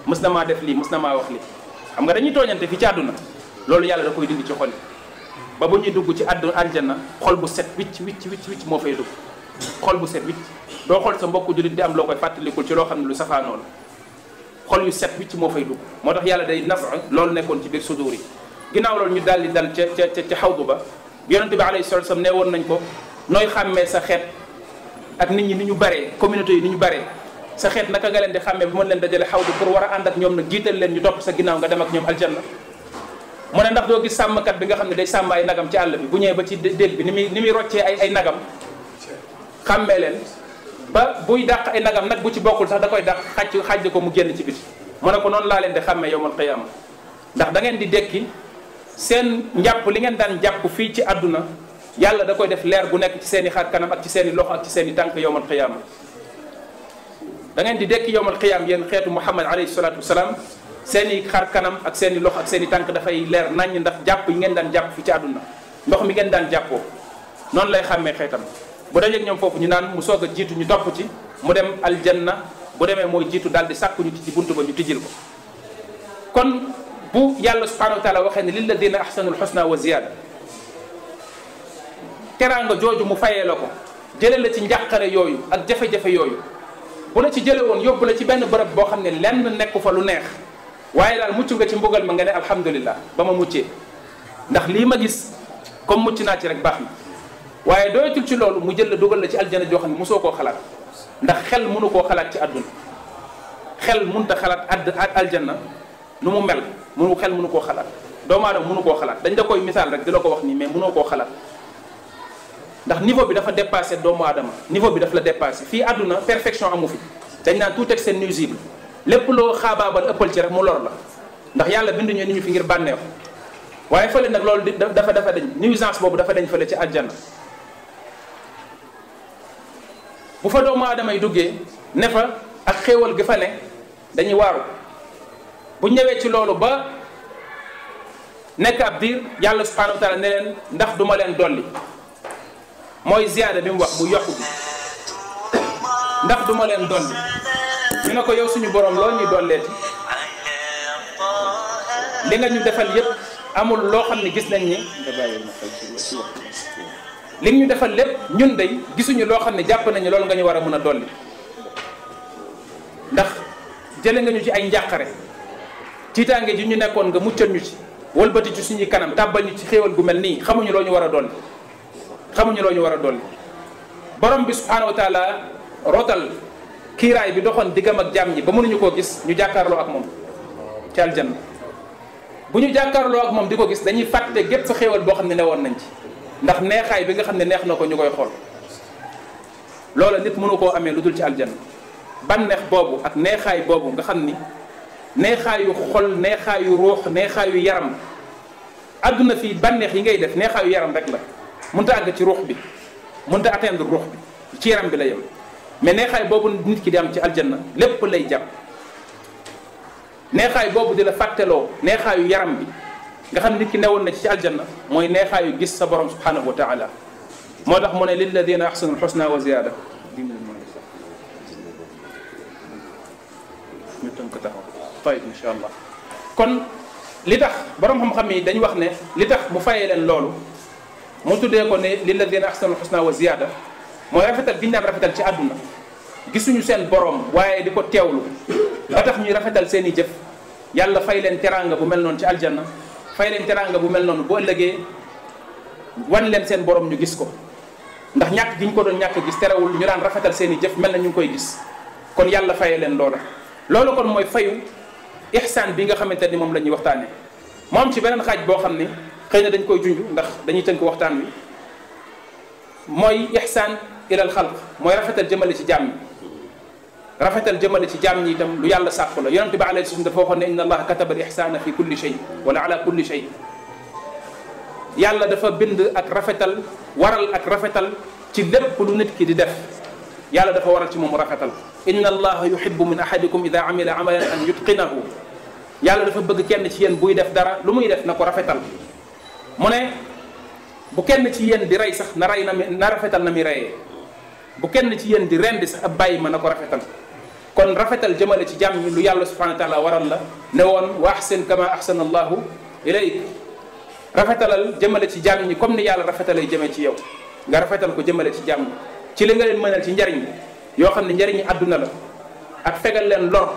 mës na maa def lii mës na maa wax lii xam nga dañuy tooñante fii ci àdduna loolu yàlla da koy dindi ci xol yi ba bu ñuy dugg ci àdduna aljanna xol bu set wicc wicc wicc wicc moo fay dugg xol bu set wicc doo xool sa mbokku jullit di am loo koy fàttalikul ci loo xam ne lu safaanoo la xol yu set wicc moo fay dugg moo tax yàlla day naf loolu nekkoon ci biir suduur yi ginnaaw loolu ñu daldi dal ca ca ca xawdu ba yonente bi alayhi salatu wasallam ne woon nañ ko nooy xàmmee sa xeet ak nit ñi ni ñu baree communauté yi ni ñu baree sa xeet naka nga leen di xàmmee bu mën leen xaw xawdu pour war a ànd ak ñoom nag jiital leen ñu topp sa ginnaaw nga dem ak ñoom aljanna mu ne ndax doo gis sàmmkat bi nga xam ne day sàmm ay nagam ci àll bi bu ñëwee ba ci déeg bi ni muy ni muy roccee ay ay nagam xàmmee ba buy dàq ay nagam nag bu ci bokkul sax da koy dàq xàcc xàjj ko mu génn ci biti mu ne ko noonu laa leen di xàmmee yowmal qiyaama ndax da ngeen di dekki seen njàpp li ngeen daan jàpp fii ci àdduna yàlla da koy def leer bu nekk ci seen i xar kanam ak ci seen i loxo ak ci seen i tànk yowmal qiyaama da ngeen di dekki yowmal qiyaam yéen xeetu muhammad alayhi salaatu wasalaam seen i xar kanam ak seen loxo seen i tànk dafay leer naññ ndax jàpp ngeen daan jàpp fii ci àdduna ndox mi ngeen daan jàppoo noonu lay xàmmee xeetam bu dajeeg ñoom foofu ñu naan mu soog a jiitu ñu topp ci mu dem aljanna bu demee mooy jiitu daal di sàkku ñu ci buntu ba ñu tijjil ko kon bu yàlla subhanahu wa taala waxee ne lilladina ahsanul husna wa ziyada teraanga jooju mu fayee la ko jële la ci njàqare yooyu ak jafe-jafe yooyu bu la ci jële woon yóbbu la ci benn bërëb boo xam ne lenn nekku fa lu neex waaye daal mucc nga ci mbugal ma nga ne alhamdulillah ba ma muccee ndax lii ma gis comme mucc naa ci rek baax na waaye doyatul ci loolu mu jël la dugal la ci aljana joo xam ne mosoo koo xalaat ndax xel mënu koo xalaat ci àdduna xel mënut a xalaat add aljanna nu mu mel mënu xel munu koo xalaat doomu aadama mënu koo xalaat dañ da koy misaal rek di la ko wax nii mais munoo koo xalaat ndax niveau bi dafa dépassé doomu aadama niveau bi daf la dépassé fii àdduna perfection amu fi dañ naan tout excès nuisible lépp loo xaabaabal ëppal ci rek mu lor la ndax yàlla binduñu ni ñu fi ngir bànneex waaye fële nag loolu dafa dafa dañ nuisance boobu dafa dañ fële ci aljanna bu fa doomu aadama yi duggee ne fa ak xéewal gi fa ne dañuy waaru bu ñëwee ci loolu ba nekk ab diir yàlla subhanahu wa taala leen ndax duma leen dolli mooy ziyaada bi mu wax bu yokku bi ndax duma leen dolli ñu ne ko yow suñu borom loolu ñuy dolleeti li nga ñu defal yépp amul loo xam ne gis nañ ni li ñu defal lépp ñun day gisuñu loo xam ne jàpp nañu loolu nga ñu war a mën a dolli ndax jële nga ñu ci ay njàqare tiitaange ji ñu nekkoon nga muccal ñu ci walbati ci suñuy kanam tàbbal ñu ci xéewal gu mel nii xamuñu loo ñu war a dolli xamuñu loo ñu war a dolli borom bi subhaanahu wa rotal kiiraay bi doxoon diggam ak jàmm ñi ba mënuñu koo gis ñu jàkkaarloo ak moom ci aljanna bu ñu jàkkaarloo ak moom di ko gis dañuy fàtte gépp xéewal boo xam ne newoon nañ ci ndax neexaay bi nga xam ne neex na ko ñu koy xool loola nit mënu koo amee lu dul ci aljanna bànneex boobu ak neexaay boobu nga xam ni neexaayu xol neexaayu ruux neexaayu yaram àdduna fii bànneex yi ngay def neexaayu yaram rek la mënta àgg ci ruux bi mënta atteindre ruux bi ci yaram bi la yem mais neexaay boobu nit ki di am ci aljanna lépp lay jàpp neexaay boobu di la fàtteloo neexaayu yaram bi nga xam nit ki newoon na ci aljanna mooy neexaayu gis sa borom subhanahu wa taala moo tax mu ne lilladina ahsanu alxusna wa ziyaada ñu tënk taxaw tayib incha allah kon li tax borom xam-xam yi dañ wax ne li tax bu fayee leen loolu mu tuddee ko ne lilladina ahsanu alxusna wa ziyaada mooy rafetal gi ñu daan rafetal ci àdduna gisuñu seen borom waaye di ko teewlu ba tax ñuy rafetal seen i jëf yàlla fay leen teraanga bu mel noonu ci aljana fay leen teraanga bu mel noonu bu ëllëgee wan leen seen boroom ñu gis ko ndax ñàkk gi ñu ko doon ñàkk gis terewul ñu daan rafetal seen i jëf mel na ñu koy gis kon yàlla faye leen loola loolu kon mooy fayu ihsaan bi nga xamante ni moom lañuy ñuy waxtaane moo am ci beneen xaaj boo xam ne xëy na dañ koy junj ndax dañuy tënk waxtaan wi mooy ihsaan ilal xalq mooy rafetal jëmale ci jàmm rafetal jëmale ci jaam ñi itam lu yàlla sàkku la yonente bi alayhi salaam dafa waxoon ne inna allaha kataba al ihsana fi kulli shay wala ala kulli shay yàlla dafa bind ak rafetal waral ak rafetal ci lépp lu nit ki di def yàlla dafa waral ci moom rafetal inna allaha yuhibbu min ahadikum ida amila amalan an yutqinahu yàlla dafa bëgg kenn ci yéen buy def dara lu muy def na ko rafetal mu ne bu kenn ci yéen di rey sax na rey na rafetal na muy reyee bu kenn ci yéen di rendi sax ab bàyyi ma na ko rafetal kon rafetal jëmale ci jàmm ñi lu yàlla subhanahu wa taala waral la ne woon wa ahsin kama ahsana allahu ilayk rafetalal jëmale ci jàmm ñi comme ni yàlla rafetalay jëme ci yow nga rafetal ko jëmale ci jàmm ci li nga leen mënal ci njariñ yoo xam ne njariñi àdduna la ak fegal leen lor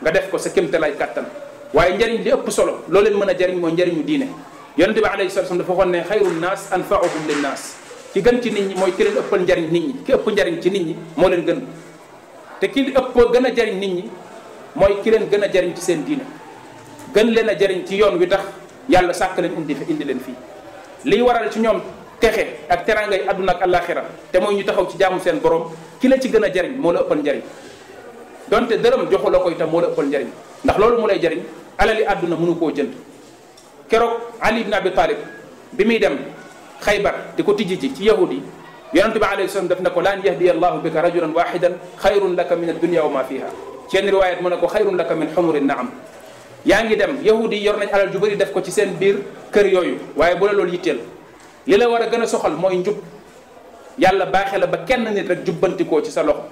nga def ko sa kémtalaay kàttan waaye njariñ li ëpp solo loo leen mën a jariñ mooy njariñu diine yonent bi alayhi salatu dafa waxoon ne xayru naas anfaahum linnaas ki gën ci nit ñi mooy ki leen ëppal njariñ nit ki ëpp njariñ ci nit ñi moo leen gën te ki li ëpp gën a jariñ nit ñi mooy ki leen gën a jariñ ci seen diine gën leen a jariñ ci yoon wi tax yàlla sàkk leen indi fi indi leen fii liy waral ci ñoom texe ak terangay àdduna ak àllaaxira te mooy ñu taxaw ci jaamu seen borom ki la ci gën a jariñ moo la ëppal njariñ donte dërëm joxu la ko itam moo la ëppal njariñ ndax loolu mu lay jariñ alali àdduna mënu koo jënd keroog Ali ibn Abi Talib bi muy dem Xaybar di ko tijji ji ci yahudi yi yonent bi alayhi salaam daf ne ko laan yahdiya allahu bika rajulan wahidan xayrun laka min addunya wa ma fiha seen riwaayat mu ne ko xayrun laka min xumuri naam yaa ngi dem yahudi yi yor nañ alal ju bëri def ko ci seen biir kër yooyu waaye bu la loolu yitteel li la war a gën a soxal mooy njub yàlla baaxe la ba kenn nit rek jubbantikoo ci sa loxo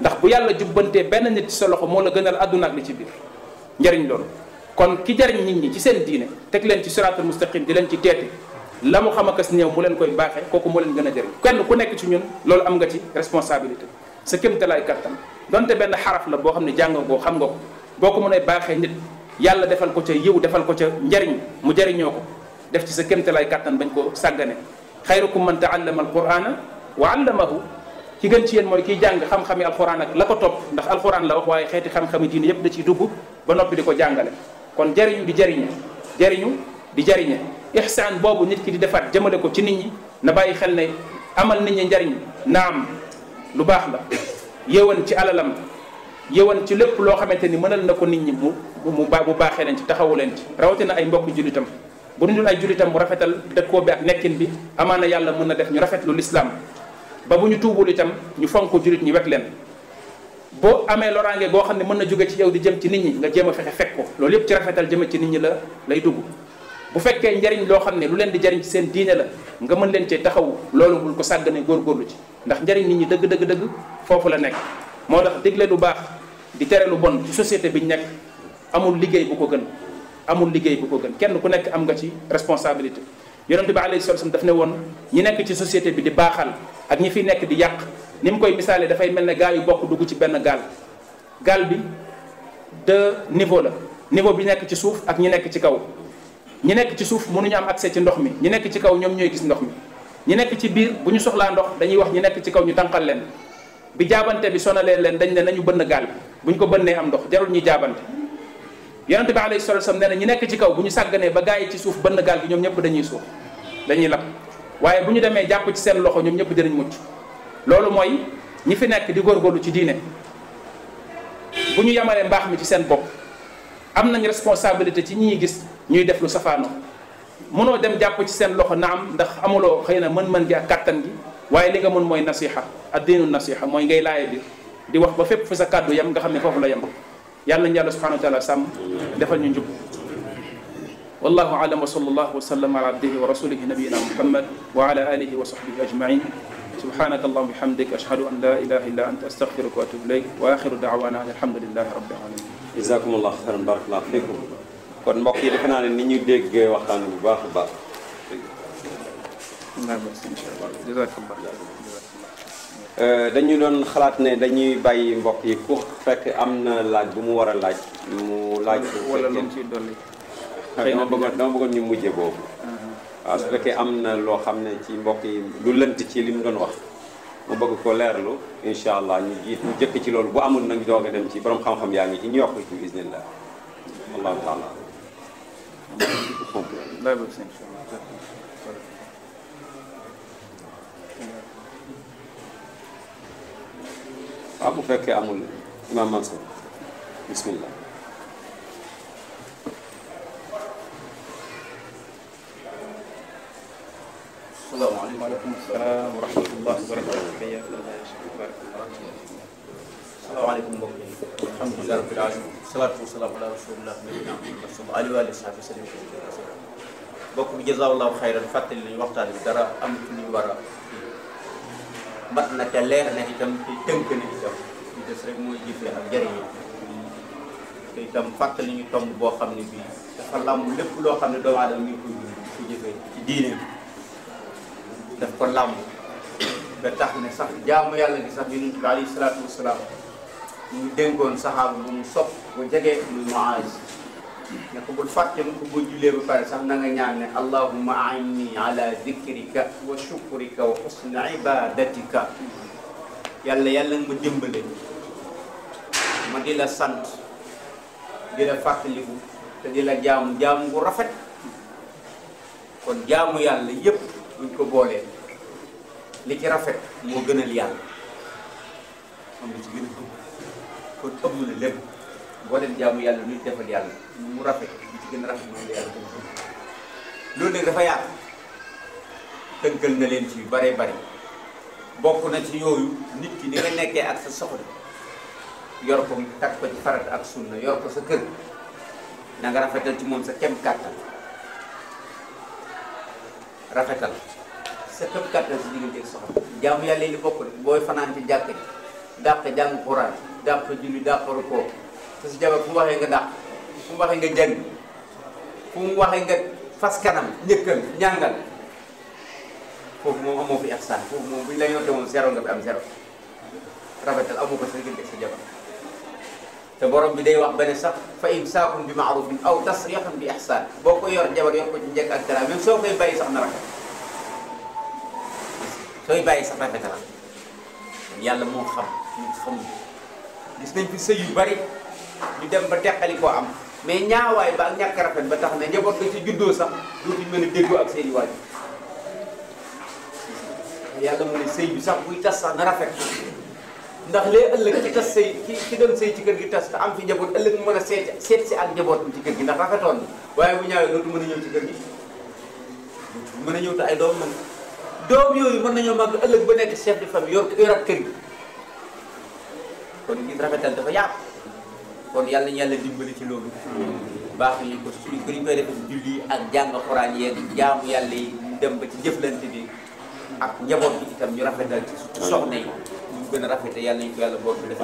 ndax bu yàlla jubbantee benn nit ci sa loxo moo la gënal àdduna ak ci biir njëriñ loolu kon ki jëriñ nit ñi ci seen diine teg leen ci siraatul mustaqim di leen ci teeti la mu xam ak as néew mu leen koy baaxee kooku moo leen gën a jëriñ kenn ku nekk ci ñun loolu am nga ci responsabilité sa kéemtalaay kattan donte benn xaraf la boo xam ne jàng boo xam nga ko boo ko mënee baaxee nit yàlla defal ko ca yiw defal ko ca njariñ mu jariñoo ko def ci sa kéemtalaay kattan bañ ko sàggane xayrukum man taallama alqurana wa allamahu ki gën ci yéen mooy kiy jàng xam-xami alxuraan ak la ko topp ndax alxuraan la wax waaye xeeti xam-xami diine yépp da ciy dugg ba noppi di ko jàngale kon jariñu di jariñe jariñu di jariñe ihsaan boobu nit ki di defaat jëmale ko ci nit ñi na bàyyi xel ne amal nit ñi njariñ naam lu baax la yëwan ci alalam yëwan ci lépp loo xamante ni mënal na ko nit ñi mu mu ba mu baaxee leen ci taxawu leen ci rawatina ay mbokk jullitam bu ñu dul ay jullitam mu rafetal dëkkoo bi ak nekkin bi amaana yàlla mën na def ñu rafetlu lislaam ba bu ñu tuubul itam ñu fonk jullit ñi wek leen boo amee loraange boo xam ne mën na jóge ci yow di jëm ci nit ñi nga jéem a fexe fekk ko loolu yëpp ci rafetal jëme ci nit ñi la lay dugg bu fekkee njariñ loo xam ne lu leen di jariñ ci seen diine la nga mën leen cee taxaw loolu bul ko sàggane góorgóorlu ci ndax njariñ nit ñi dëgg dëgg dëgg foofu la nekk moo tax digle lu baax di tere lu bon ci société bi ñu nekk amul liggéey bu ko gën amul liggéey bu ko gën kenn ku nekk am nga ci responsabilité yonente bi alayhi salatu wasallam daf ne woon ñi nekk ci société bi di baaxal ak ñi fi nekk di yàq ni mu koy misaalee dafay mel ne gaal yu bokk dugg ci benn gaal gaal bi niveau la niveau bi nekk ci suuf ak ñi nekk ci kaw ñi nekk ci suuf mënuñu am accès ci ndox mi ñi nekk ci kaw ñoom ñooy gis ndox mi ñi nekk ci biir bu ñu soxlaa ndox dañuy wax ñi nekk ci kaw ñu tànqal leen bi jaabante bi sonalee leen dañ ne nañu bënn gaal bu ñu ko bënnee am ndox jarul ñuy jaabante yonente bi alayhi salatu wasallam nee na ñi nekk ci kaw bu ñu sàgganee ba gaay yi ci suuf bënn gaal gi ñoom ñëpp dañuy suuf dañuy lap waaye bu ñu demee jàpp ci seen loxo ñoom ñëpp dinañ mucc loolu mooy ñi fi nekk di góorgóorlu ci diine bu ñu yamalee mbaax mi ci seen bopp am nañ responsabilité ci ñi ñuy gis ñuy def lu safaano mënoo dem jàpp ci seen loxo naam ndax amuloo xëy na mën-mën gi ak kàttan gi waaye li nga mën mooy nasiha addiinu nasiha mooy ngay laaye biir di wax ba fépp fu sa kàddu yem nga xam ne foofu la yem yàlla nañu yàlla subhanahu wa taala sàmm defal ñu njub wallahu alam wa sallallahu wa sallam ala abdihi wa rasulihi nabiyina muhammad wa ala alihi wa sahbihi ajmain subhanaka allahuma bihamdik ashhadu an la ilaha illa anta astaghfiruka wa atubu ilayk wa axiru daawana alhamdulillahi rabbil alamin jazakum allah xayran barakallahu fikum kon mbokk yi defe naa ne ni ñu dégg waxtaan bu baax a baax. Euh, dañu doon xalaat ne dañuy bàyyi mbokk yi pour fekk am na laaj bu mu war a laaj. mu laaj wala lu mu ciy dolli. Ah, xëy na dama bëggoon ñu mujje boobu. Uh-huh. waaw su fekkee am na loo xam ne ci mbokk yi lu lënt ci li mu doon wax. mu bëgg ko leerlu incha allah ñu jiit ñu jëkk ci loolu bu amul nag doog a dem ci borom xam-xam yaa ngi ci ñu yokk ci bismillah allahu taala Bom. Leva sim. waaw bu fekkee amul imam Mansour bismillah. salaamaaleykum wa rahmatulah wa rahmatulah. asalaamaaleykum mbokk yi alhamdulilah rabbil alamin salaatu wasalaam ala rasulillah nabina muhammad sal alihi wa alihi sahbi salim mbokk bi jazaallaahu xayran fàttali nañu waxtaan bi dara am ci li ñu war a mat na te leer na itam te tënk na itam li des rek mooy jëfee ak jëriñoo te itam fàttali ñu tomb boo xam ne bii dafa làmb lépp loo xam ne doomu aadama mi ngi koy dund ci jëfee ci diine daf ko làmb ba tax ne sax jaamu yàlla gi sax yonent bi alayhi salaatu wasalaam mu dénkoon saxaaba bu mu sopp bu jege muy Muaaz ko bul fàtte mu ko boo jullee ba pare sax na nga ñaan ne allahumma a'inni ala dikrika wa shukrika wa husni ibadatika yàlla yàlla nga ma dimbale ma di la sant di la fàttaliku te di la jaamu rafet kon jaamu yàlla yépp buñ ko boole li ci rafet moo gënal yàlla moom gën a kon ëmb na lépp boo dem jaamu yàlla nuy defal yàlla mu rafet bi ci gën rafet moom la loolu nag dafa yaatu tënkal na leen ci yu bare bari bokk na ci yooyu nit ki ni nga nekkee ak sa soxna yor ko takk ko ci farata ak sunna yor ko sa kër na rafetal ci moom sa kem kàttan rafetal sa kem kàttan si diggante ak soxna jaamu yàlla li bokk rek booy fanaan ci jàkk ji dàq jàng xuraan dàq julli dàq rukkoo te si jabar fu mu waxee nga dàq fu waxee nga jàng fu mu waxee nga fas kanam njëkkal ñàngal foofu moom amoo fi ihsaan foofu moom bu ñu la nga fi am zéro rafetal amoo ko sa diggante sa jabar te borom bi day wax ba ne sax fa imsaakun bi maarufin aw tasrixun bi ihsaan boo ko yor jabar yor ko ci njëkk ak dara soo koy bàyyi sax na rafet sooy bàyyi sax rafetal yàlla moo xam gis nañ fi sëy yu bari ñu dem ba teqali koo am mais ñaawaay ba ak ñàkk rafet ba tax ne njaboot ga ci juddoo sax dootuñ mën a déggoo ak seen i waajur yàlla mu ne sëy bi sax buy tas sax na rafet ndax lee ëllëg ci tas sëy ci ci dem sëy ci kër gi tas te am fi njaboot ëllëg mu mën a seet seet si ak njabootam ci kër gi ndax rafetoon na waaye bu ñaawee dootu mën a ñëw ci kër gi mën a ñëw te ay doom mën doom yooyu mën nañoo màgg ëllëg ba nekk chef de famille yor yor kër gi kon ngir rafetal dafa yaatu kon yàlla nañu yàlla dimbali ci loolu. baax yi ko su ñu koy defee julli ak jàng xuraan yeeg jaamu yàlla yi dem ba ci jëflante bi ak njaboot bi itam ñu rafetal ci soxna yi. gën a rafete yàlla nañu ko yàlla boole na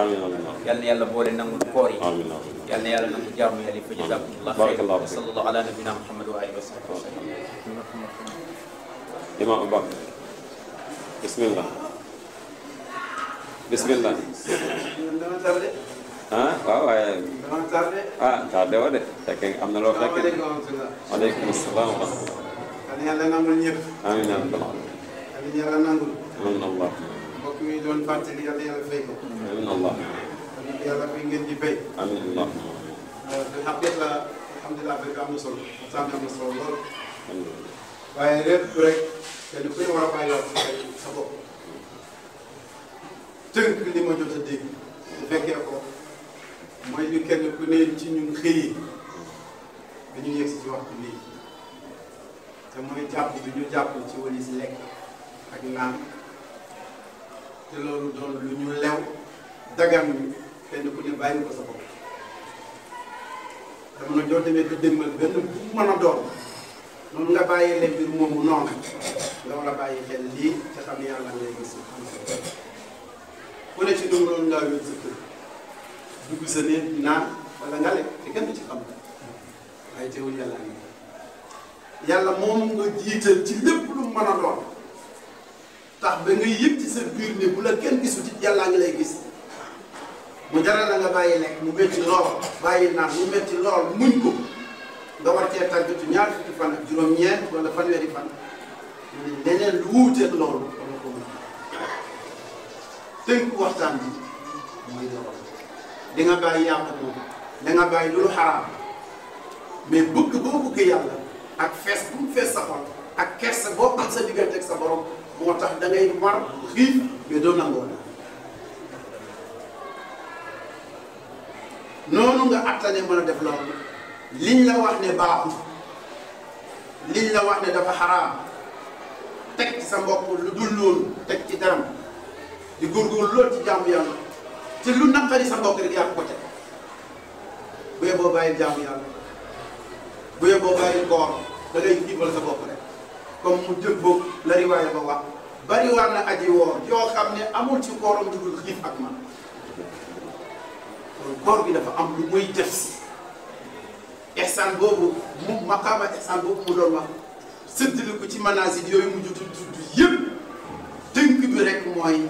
yàlla boole nangul koor yi yàlla na yàlla nangu jaamu yàlla fa jazakumullah khayran wa sallallahu ala nabina muhammad wa alihi wa sahbihi wa sallam imam Abubakar bismillah bismillah ah waaw waaye ah tardé wa de fekk am na loo fekk waaleykum salaam wa rahmatulah yàlla yàlla nangul ñëpp amiin yaa rabbal aalamiin yàlla nangul amiin allah mbokk mi doon fàttali yàlla yàlla fay ko amiin allah yàlla fay ngeen di béy amiin allah euh, xaqiiqa la alhamdulilah béykat am na solo sant am na solo lool waaye lépp rek te ni ku ne war a bàyyi sa bopp tënk li ma jot a dégg bu fekkee ko mooy ñu kenn ku ne ci ñun xëyi bi ñu yegg ci waxtu bii te mooy jàpp bi ñu jàpp ci walis lekk ak naan te loolu doon lu ñu lew dagan ñu kenn ku ne bàyyi ko sa bopp dama na joo demee ko dëmmal benn bu mën a doon noonu nga bàyyi leen moom moomu noonu nga war a bàyyi xel lii te xam ne yàlla ngay gis ku ne ci dugub loolu ngaa wér sa kër dugg sa naan wala nga lekk te kenn du ci xam nga jiital ci lépp lu mën a doon bu la kenn gisu yàllaa ngi lay gis mu jaral la nga bàyyi lekk mu metti lool bàyyi naan mu metti lool muñ ko nga war cee tàggatu ñaar fukki fan juróom-ñeent wala fanweeri fan leneen lu wuuteeg loolu tënk waxtaan bi mooy doon da nga bàyyi yàq moom da nga bàyyi lu xaraam mais bëgg boo bëgg yàlla ak fees bu mu fees sa xol ak kersa sa diggante ak sa borom moo tax da war mar xiif doo nangoo na noonu nga attane mën a def loolu liñ la wax ne baaxul liñ la wax ne dafa xaraam teg ci sa mbokk lu dul loolu teg ci daram di góorgóorlu lool ci jaamu yàlla ci lu naqari sa mbokk rek yàq ko ca bu yeboo bàyyil jaamu yàlla bu yeboo bàyyil koor da ngay jibal sa bopp rek comme mu jël boog la riwaaya ba wax bari war na aji woor yoo xam ne amul ci kooram dugul xiif ak man koor bi dafa am lu muy def ihsaan boobu mu maqaama ihsaan boobu mu doon wax sëddale ko ci manaasit yooyu mu jutu tudd yëpp bi rek mooy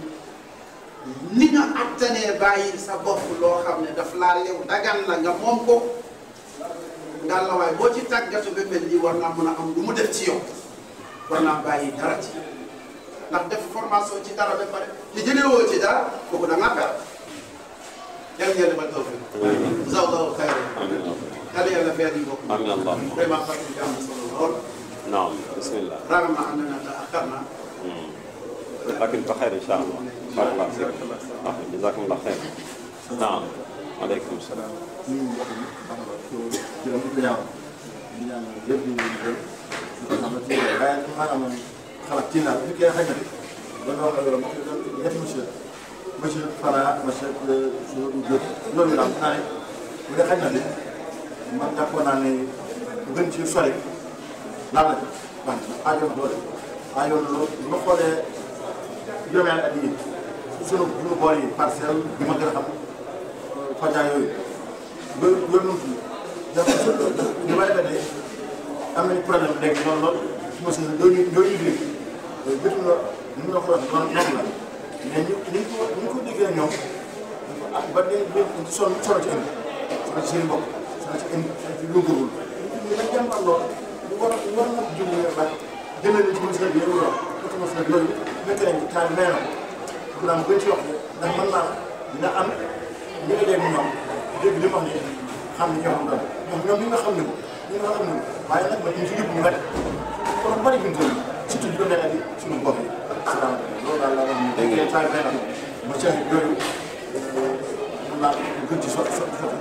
ni nga attanee bàyyi sa bopp loo xam ne daf laa lew dagan la nga moom ko ngal la waaye boo ci tàggatu ba mel nii war naa mën a am mu def ci war naa bàyyi dara ci ndax def formation ci dara ba pare te jëlewoo ci dara kooku da ngaa perte yàlla ngeen defal tawfiq jazakallahu xayran yàlla yàlla feer yi bokk vraiment parce que am na solo lool naam naa hmm. lakin fa xayr incha allah barakallahu fiik waaw jazakumullahu xayr naam aleykum salaam xalaat ci naaj bi kay xaj na fi ba nga wax ak yow ñetti monsieur monsieur Fara monsieur Sow Diop loolu daal naa ne bu dee xaj na fi man jàppoon naa ne gën ci sori laal na ci wànq aajoon doole aajoon loolu bu ma xoolee juróomi at yii sunu sunu boor yi parcelle bi ma gën a xam Fatia yooyu ba ba nu mu tudd jàpp si li ma répété am nañu problème mu dégg noonu loolu su ma seen loolu ñu loolu ñu dégg jotul nga ni mu la ko waxee noonu noonu la mais ñu ñu ko ñu ko déggee ñoom ah ba dee ba sonn sonn ci indi sonn ci seen mbokk sonn ci indi sonn ci lëkkaloo ñu dañ jàmbar lool ñu war a war na jublu ba jëndee ci ministère bi yëpp lool parce que ministère yooyu météo bi taal nee na ko. programme bu ci wax ndax mën naa dina am ñu ne leen ñoom dégg li mu wax ne xam ne ñoo xam daal ñoom ñoom ñi nga xam ne ñi nga xam ne waaye nag ba ñu ci yëpp ñu rek kon bu bëri bindu surtout di ko nekk di suñu bopp yi loolu daal la wax ni dégg ngeen tànk am ma ci yooyu mën naa gën ci sotti sotti sotti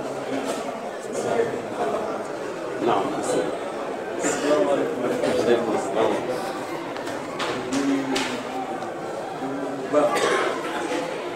naam asalaamaaleykum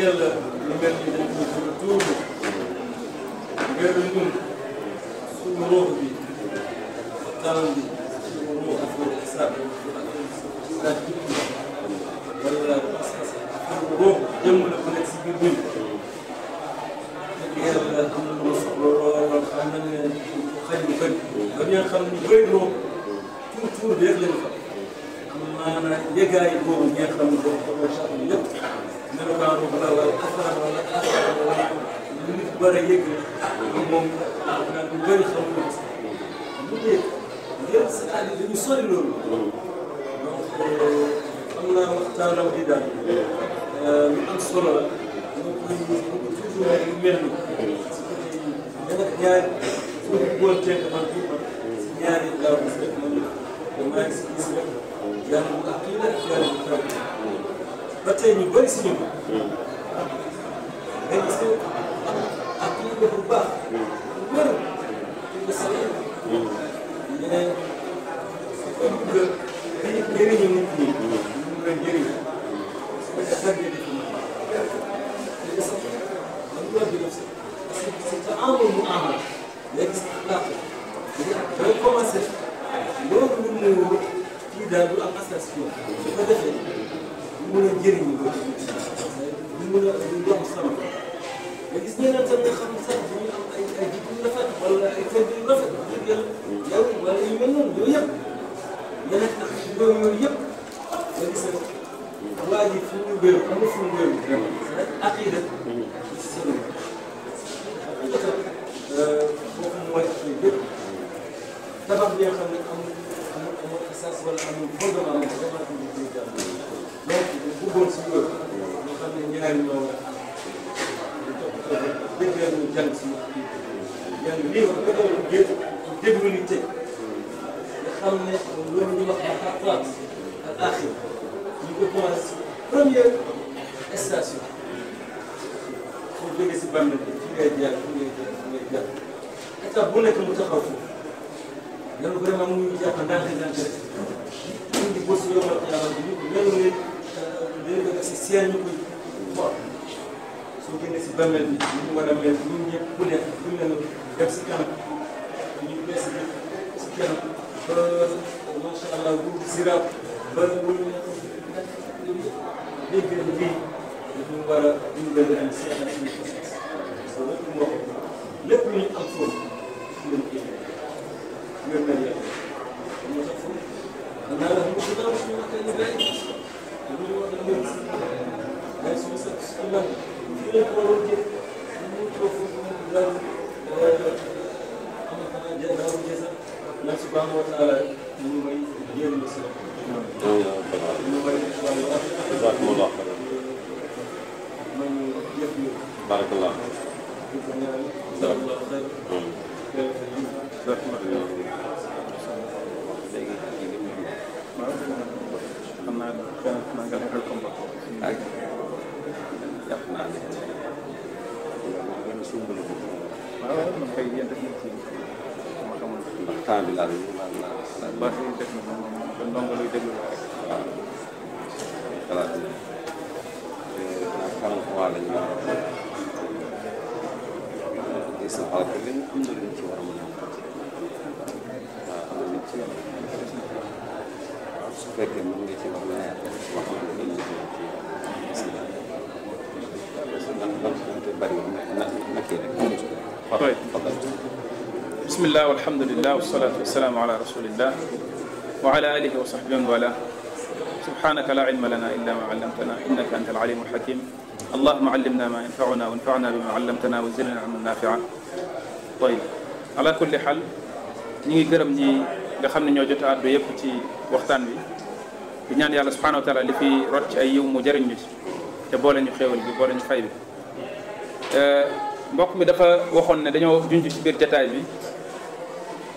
liggéeyal la lu mel ni dañ ko tuur ngir duñ ba tey ñu bëri si ñëpp ku nekk buñ la def si kanam ñu bees si kanam ba macha allah bu siraat ba bu dégg bii dañu war a dundal ren si année lépp lu ñu am foofu. bismillah walhamdulillah wasalaatu wasalaamu ala rasulillah wa ala alihi wa sahbihi man wala subhanaka la ilma lana illa ma allamtana innaka anta alalimu alhakim allahuma allimna ma yanfauna wa anfana bima allamtana wa zidna ilman nafia tayib ala kulli xaal ñi ngi gërëm ñi nga xam ne ñoo jot a àddu yëpp ci waxtaan wi di ñaan yàlla subhanahu wa taala li fi rot ci ay yiw mu jëriñ ñu ci te boole ñu xéewal bi boole ñu fay bi eh, mbokk mi dafa waxoon ne dañoo junj ci biir jataay bi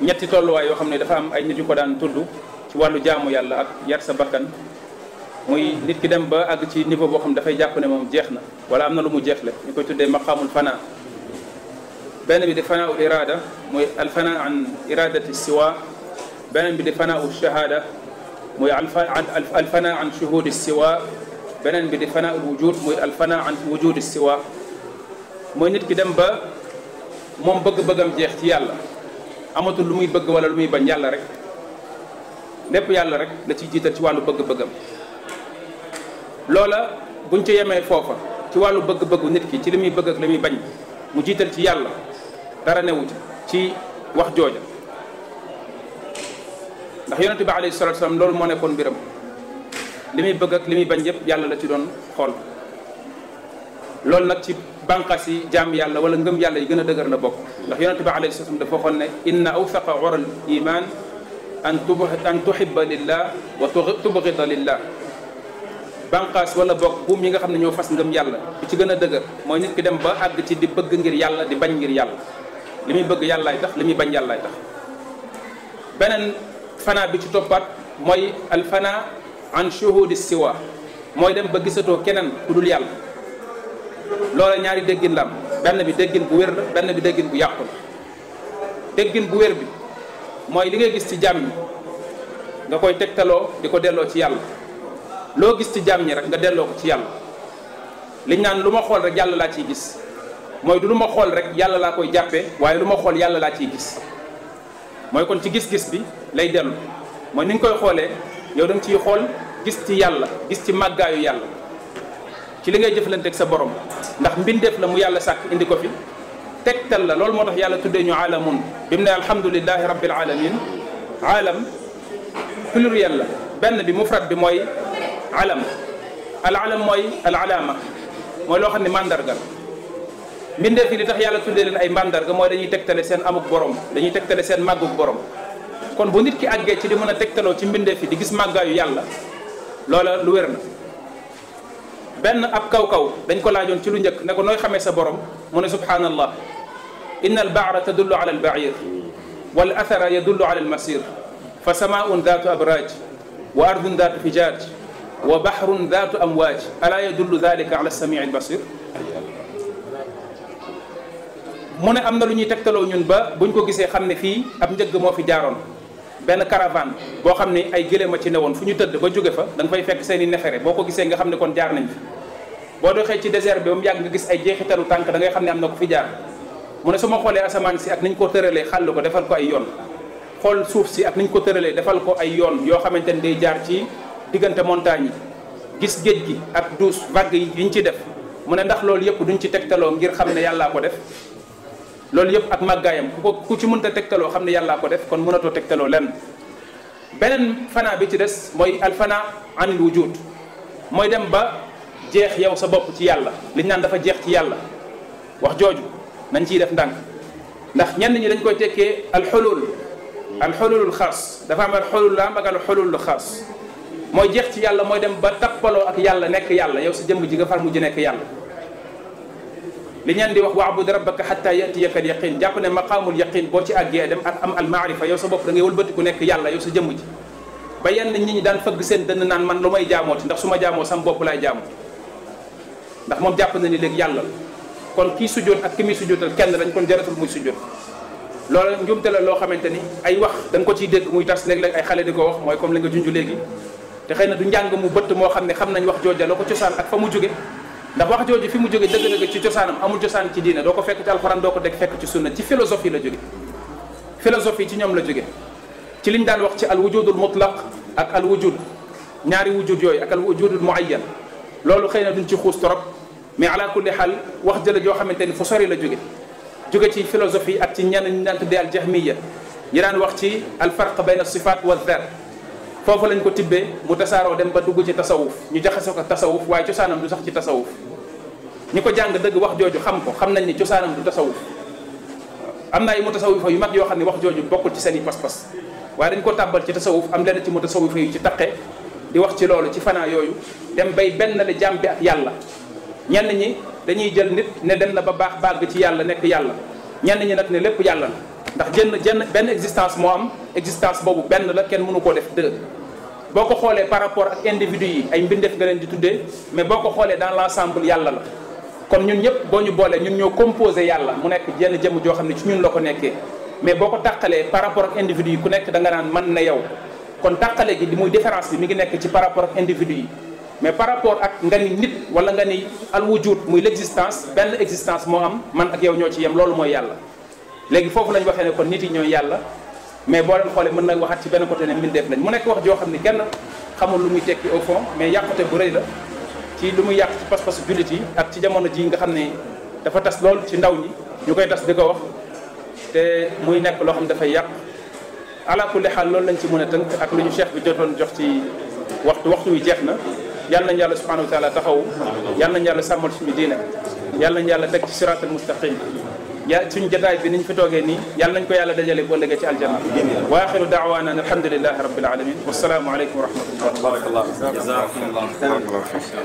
ñetti tolluwaay yoo xam ne dafa am ay nit yu ko daan tudd ci wàllu jaamu yàlla ak yar sa bakkan muy nit ki dem ba àgg ci niveau boo dafay jàpp ne moom jeex na wala am na lu mu jeexle ñu koy tuddee maqaamul fana benn bi di fanaaul irada muy alfana an iradati siwa beneen bi di fanaaul shahada muy alfana an shuhudi siwa beneen bi di fanaaul wujud muy alfana an wujudi siwa mooy nit ki dem ba moom bëgg-bëggam jeex ci yàlla amatul lu muy bëgg wala lu muy bañ yàlla rek lépp yàlla rek la ciy jiital ci wàllu bëgg-bëggam loola buñ ci yemee foofa ci wàllu bëgg-bëggu nit ki ci li muy bëgg ak li muy bañ mu jiital ci yàlla dara newu ci wax jooja ndax yonente bi alayhi salatu loolu moo nekkoon mbiram li muy bëgg ak li muy bañ yëpp yàlla la ci doon xool loolu nag ci bànqaas yi jaam yàlla wala ngëm yàlla yi gën a dëgër na bokk ndax yonent bi alayhi salaam dafa waxoon ne inna awsaqa ural iman an tub an tuhibba lillah wa tubghida lillah bànqaas wala bokk buum yi nga xam ne ñoo fas ngëm yàlla bi ci gën a dëgër mooy nit ki dem ba àgg ci di bëgg ngir yàlla di bañ ngir yàlla li muy bëgg yàllaay tax li muy bañ yàllaay tax beneen fanaa bi ci toppaat mooy alfana an shuhudi siwa mooy dem ba gisatoo keneen ku yàlla loola ñaari déggin lam benn bi déggin bu wér la benn bi déggin bu yàqu la déggin bu wér bi mooy li ngay gis ci jàmm ñi nga koy tegtaloo di ko delloo ci yàlla loo gis ci jàmm yi rek nga delloo ko ci yàlla liñ naan lu ma xool rek yàlla laa ciy gis mooy du lu ma xool rek yàlla laa koy jàppe waaye lu ma xool yàlla laa ciy gis mooy kon ci gis-gis bi lay dellu mooy ni nga koy xoolee yow da nga ciy xool gis ci yàlla gis ci màggaayu yàlla ci li ngay jëflanteeg sa borom ndax mbindeef la mu yàlla sàkk indi ko fi tegtal la loolu moo tax yàlla tuddee ñu aalamun bi mu ne alhamdulilahi rabbil alamin aalam pluriel la benn bi mufrad bi mooy alam al alam mooy al alaama mooy loo xam ne mandargal mbindeef yi li tax yàlla tuddee leen ay mandarga mooy dañuy tegtale seen amuk borom dañuy tegtale seen màgguk borom kon bu nit ki àggee ci di mën a tegtaloo ci mbindeef yi di gis màggaayu yàlla loola lu wér na benn ab kaw-kaw dañ ko laajoon ci lu njëkk ne ko nooy xamee sa borom mu ne subhaanallah inna albaara tadullu ala albair wal athara yadullu ala almasir fa samaun daatu abraj wa ardun daatu fijaaj wa bahrun daatu amwaaj alaa yadullu dalika ala samii albasir mu ne am na lu ñuy tegtaloo ñun ba buñ ko gisee xam ne fii ab njëgg moo fi jaaroon benn caravane boo xam ne ay gëléem a ci newoon fu ñu tëdd ba jóge fa da koy fay fekk seen i boo ko gisee nga xam ne kon jaar nañ fi boo doxee ci désert bi ba mu yàgg gis ay jeexitalu tànk da ngay ne am na ko fi jaar mu ne su ma xoolee asamaan si ak niñ ko tëralee xàll ko defal ko ay yoon xool suuf si ak niñ ko tëralee defal ko ay yoon yoo xamante ne day jaar ci diggante montagne yi gis géej gi ak douce vague yi ñu ci def mu ne ndax loolu yëpp duñu ci tegtaloo ngir xam ne yàllaa ko def loolu yëpp ak màggaayam ku ko ku ci mënta xam ne yàllaa ko def kon mënatoo tegtaloo lenn beneen fanaa bi ci des mooy alfana anil wujud mooy dem ba jeex yow sa bopp ci yàlla li naan dafa jeex ci yàlla wax jooju nañ ciy def ndànk ndax ñenn ñi dañ koy tekkee alxulul alxululul xaas dafa am alxulul la am ak alxulul xaas mooy jeex ci yàlla mooy dem ba tappaloo ak yàlla nekk yàlla yow si jëmb ji nga far mujj nekk yàlla li ñeen di wax waabud rabbaka xatta yatiyaka al yaqin jàpp ne maqaamul yaqin boo ci àggee dem ak am al maarifa sa bopp da ngay wëlbatiku nekk yàlla yow sa jëmm ji ba yenn nit ñi daan fëgg seen dënn naan man lu may jaamooti ndax su ma jaamoo sam bopp laay jaamoo ndax moom jàpp na ni léegi yàlla kon kii sujjoot ak ki muy sujjootal kenn dañ kon jaratul muy sujjoot loolu njuumte la loo xamante ni ay wax dañ ko ciy dégg muy tas léeg-léeg ay xale di ko wax mooy comme la nga junj léegi te xëy na du njàng mu bëtt moo xam ne xam nañ wax jooja la ko cosaan ak fa mu jóge ndax wax jooju fi mu jóge dëgg-dëgg ci cosaanam amul cosaan ci diine doo ko fekk ci alxuraan doo ko deg fekk ci sunna ci philosophie ci ñoom la jóge ci liñ daan wax ci al wujudul mutlaq ak al wujud ñaari wujud yooyu ak al wujudul muayyan loolu xëy na duñ ci trop mais ala kulli xaal wax jële joo xamante ni fu sori la jóge jóge ci philosophie ak ci ñenn ñu daan tuddee al jahmiya ñi daan wax ci al farq bayna sifaat wa zaat foofu lañ ko tibbee mu tasaaroo dem ba dugg ci tasawuf ñu jaxase ko tasawuf waaye cosaanam du sax ci tasawuf ñi ko jàng dëgg wax jooju xam ko xam nañ ni cosaanam du tasawuf am na ay mutasawifa yu mag yoo xam ne wax jooju bokkul ci seen i pas-pas waaye dañ ko tàbbal ci tasawuf am lenn ci mutasawifa yu ci taqe di wax ci loolu ci fanaa yooyu dem bay benn na jàmm bi ak yàlla ñenn ñi dañuy jël nit ne dem na ba baax bàgg ci yàlla nekk yàlla ñenn ñi nag ne lépp yàlla la ndax jën jënn benn existence moo am existence boobu benn la kenn mënu koo def deux boo ko xoolee par rapport ak individu yi ay mbindeef nga leen di tuddee mais boo ko xoolee dans l'ensemble yàlla la kon ñun ñëpp boo ñu boolee ñun ñoo composé yàlla mu nekk jenn jëmm joo xam ne ci ñun la ko nekkee mais boo ko tàqalee par rapport ak individu yi ku nekk da nga naan man na yow kon tàqale gi di muy différence bi mi ngi nekk ci par rapport ak individu yi mais par rapport ak nga ni nit wala nga ni al wujud muy l'existence benn existence moo am man ak yow ci yem loolu mooy yàlla léegi foofu lañ waxee ne kon nit yi ñooy yàlla mais boo leen xoolee mën na waxaat ci benn côté ne mbindeef lañ mu nekk wax joo xam ni kenn xamul lu muy tekki au fond mais yàqute bu rëy la ci lu mu yàq ci pas-pasu jullit yi ak ci jamono ji nga xam ne dafa tas lool ci ndaw ñi ñu koy tas di ko wax te muy nekk loo xam ne dafay yàq ala kulli xaal loolu lañ ci mën a tënk ak lu ñu cheikh bi jotoon jox ci waxtu waxtu wi jeex na yàlla nañu yàlla subhanahu wa taala taxaw yàlla nañu yàlla sàmmal suñu diine yàlla nañu yàlla teg ci siraatal mustaqim ya suñ jataay bi niñ fi toogee nii yàlla nañ ko yàlla dajale bu ëllëgee ci aljana wa axiru daawaana an alhamdulilahi rabbil alamin wasalaamu aleykum wa rahmatullah